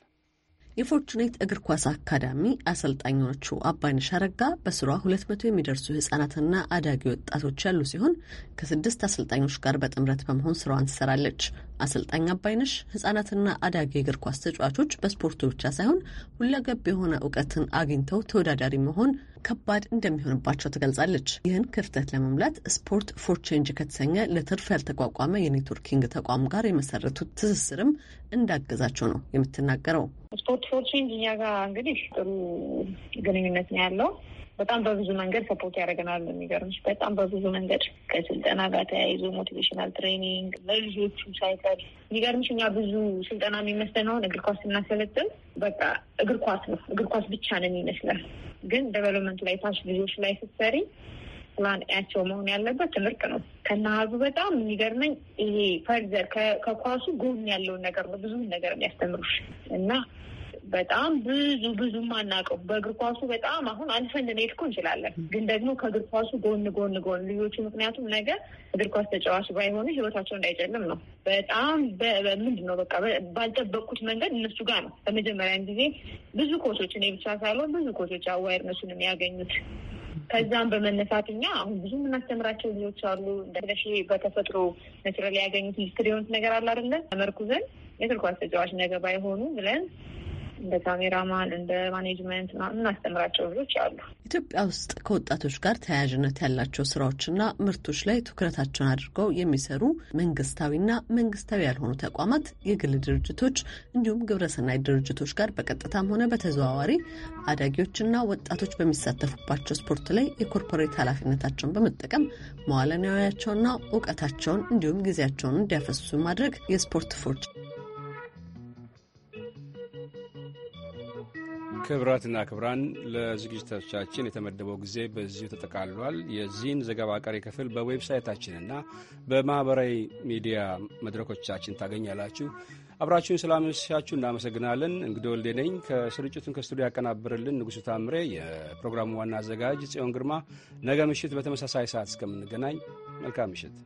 የፎርቹኔት እግር ኳስ አካዳሚ አሰልጣኞቹ አባይነሽ አረጋ በስሯ ሁለት መቶ የሚደርሱ ህጻናትና አዳጊ ወጣቶች ያሉ ሲሆን ከስድስት አሰልጣኞች ጋር በጥምረት በመሆን ስራዋን ትሰራለች። አሰልጣኝ አባይነሽ ህጻናትና አዳጊ እግር ኳስ ተጫዋቾች በስፖርቱ ብቻ ሳይሆን ሁለገብ የሆነ እውቀትን አግኝተው ተወዳዳሪ መሆን ከባድ እንደሚሆንባቸው ትገልጻለች። ይህን ክፍተት ለመሙላት ስፖርት ፎር ቼንጅ ከተሰኘ ለትርፍ ያልተቋቋመ የኔትወርኪንግ ተቋም ጋር የመሰረቱት ትስስርም እንዳገዛቸው ነው የምትናገረው። ስፖርት ፎር ቼንጅ እኛ ጋር እንግዲህ ጥሩ ግንኙነት ነው ያለው በጣም በብዙ መንገድ ሰፖርት ያደርገናል። የሚገርምሽ በጣም በብዙ መንገድ ከስልጠና ጋር ተያይዞ ሞቲቬሽናል ትሬኒንግ ለልጆቹ ሳይቀር የሚገርምሽ፣ እኛ ብዙ ስልጠና የሚመስለን እግር ኳስ ስናሰለጥን በቃ እግር ኳስ ነው እግር ኳስ ብቻ ነው የሚመስለን። ግን ዴቨሎፕመንት ላይ ታች ልጆች ላይ ስትሰሪ ፕላን ያቸው መሆን ያለበት ትምህርት ነው። ከነሀዙ በጣም የሚገርመኝ ይሄ ፈርዘር ከኳሱ ጎን ያለውን ነገር ነው ብዙ ነገር የሚያስተምሩሽ እና በጣም ብዙ ብዙ ማናውቀው በእግር ኳሱ በጣም አሁን አልፈን ልንሄድ እኮ እንችላለን። ግን ደግሞ ከእግር ኳሱ ጎን ጎን ጎን ልጆቹ ምክንያቱም ነገር እግር ኳስ ተጫዋች ባይሆኑ ህይወታቸው እንዳይጨልም ነው። በጣም ምንድን ነው በቃ ባልጠበቅኩት መንገድ እነሱ ጋር ነው በመጀመሪያን ጊዜ ብዙ ኮቾች፣ እኔ ብቻ ሳልሆን ብዙ ኮቾች አዋይር እነሱን የሚያገኙት ከዛም በመነሳት እኛ አሁን ብዙ የምናስተምራቸው ልጆች አሉ። እንደሽ በተፈጥሮ ነትረ ያገኙት ኢንዱስትሪ የሆኑት ነገር አለ አይደለ? ተመርኩዘን የእግር ኳስ ተጫዋች ነገር ባይሆኑ ብለን እንደ ካሜራማን እንደ ማኔጅመንት እናስተምራቸው ልጆች አሉ። ኢትዮጵያ ውስጥ ከወጣቶች ጋር ተያያዥነት ያላቸው ስራዎችና ምርቶች ላይ ትኩረታቸውን አድርገው የሚሰሩ መንግስታዊና መንግስታዊ ያልሆኑ ተቋማት፣ የግል ድርጅቶች እንዲሁም ግብረሰናይ ድርጅቶች ጋር በቀጥታም ሆነ በተዘዋዋሪ አዳጊዎችና ወጣቶች በሚሳተፉባቸው ስፖርት ላይ የኮርፖሬት ኃላፊነታቸውን በመጠቀም መዋለ እውቀታቸውን እንዲሁም ጊዜያቸውን እንዲያፈሱ ማድረግ የስፖርት ፎርች ክብራትና ክብራን ለዝግጅቶቻችን የተመደበው ጊዜ በዚሁ ተጠቃልሏል። የዚህን ዘገባ ቀሪ ክፍል በዌብሳይታችንና በማኅበራዊ ሚዲያ መድረኮቻችን ታገኛላችሁ። አብራችሁን ስላመሻችሁ እናመሰግናለን። እንግዲህ ወልዴ ነኝ ከስርጭቱን ከስቱዲዮ ያቀናብርልን ንጉሡ ታምሬ፣ የፕሮግራሙ ዋና አዘጋጅ ጽዮን ግርማ። ነገ ምሽት በተመሳሳይ ሰዓት እስከምንገናኝ መልካም ምሽት።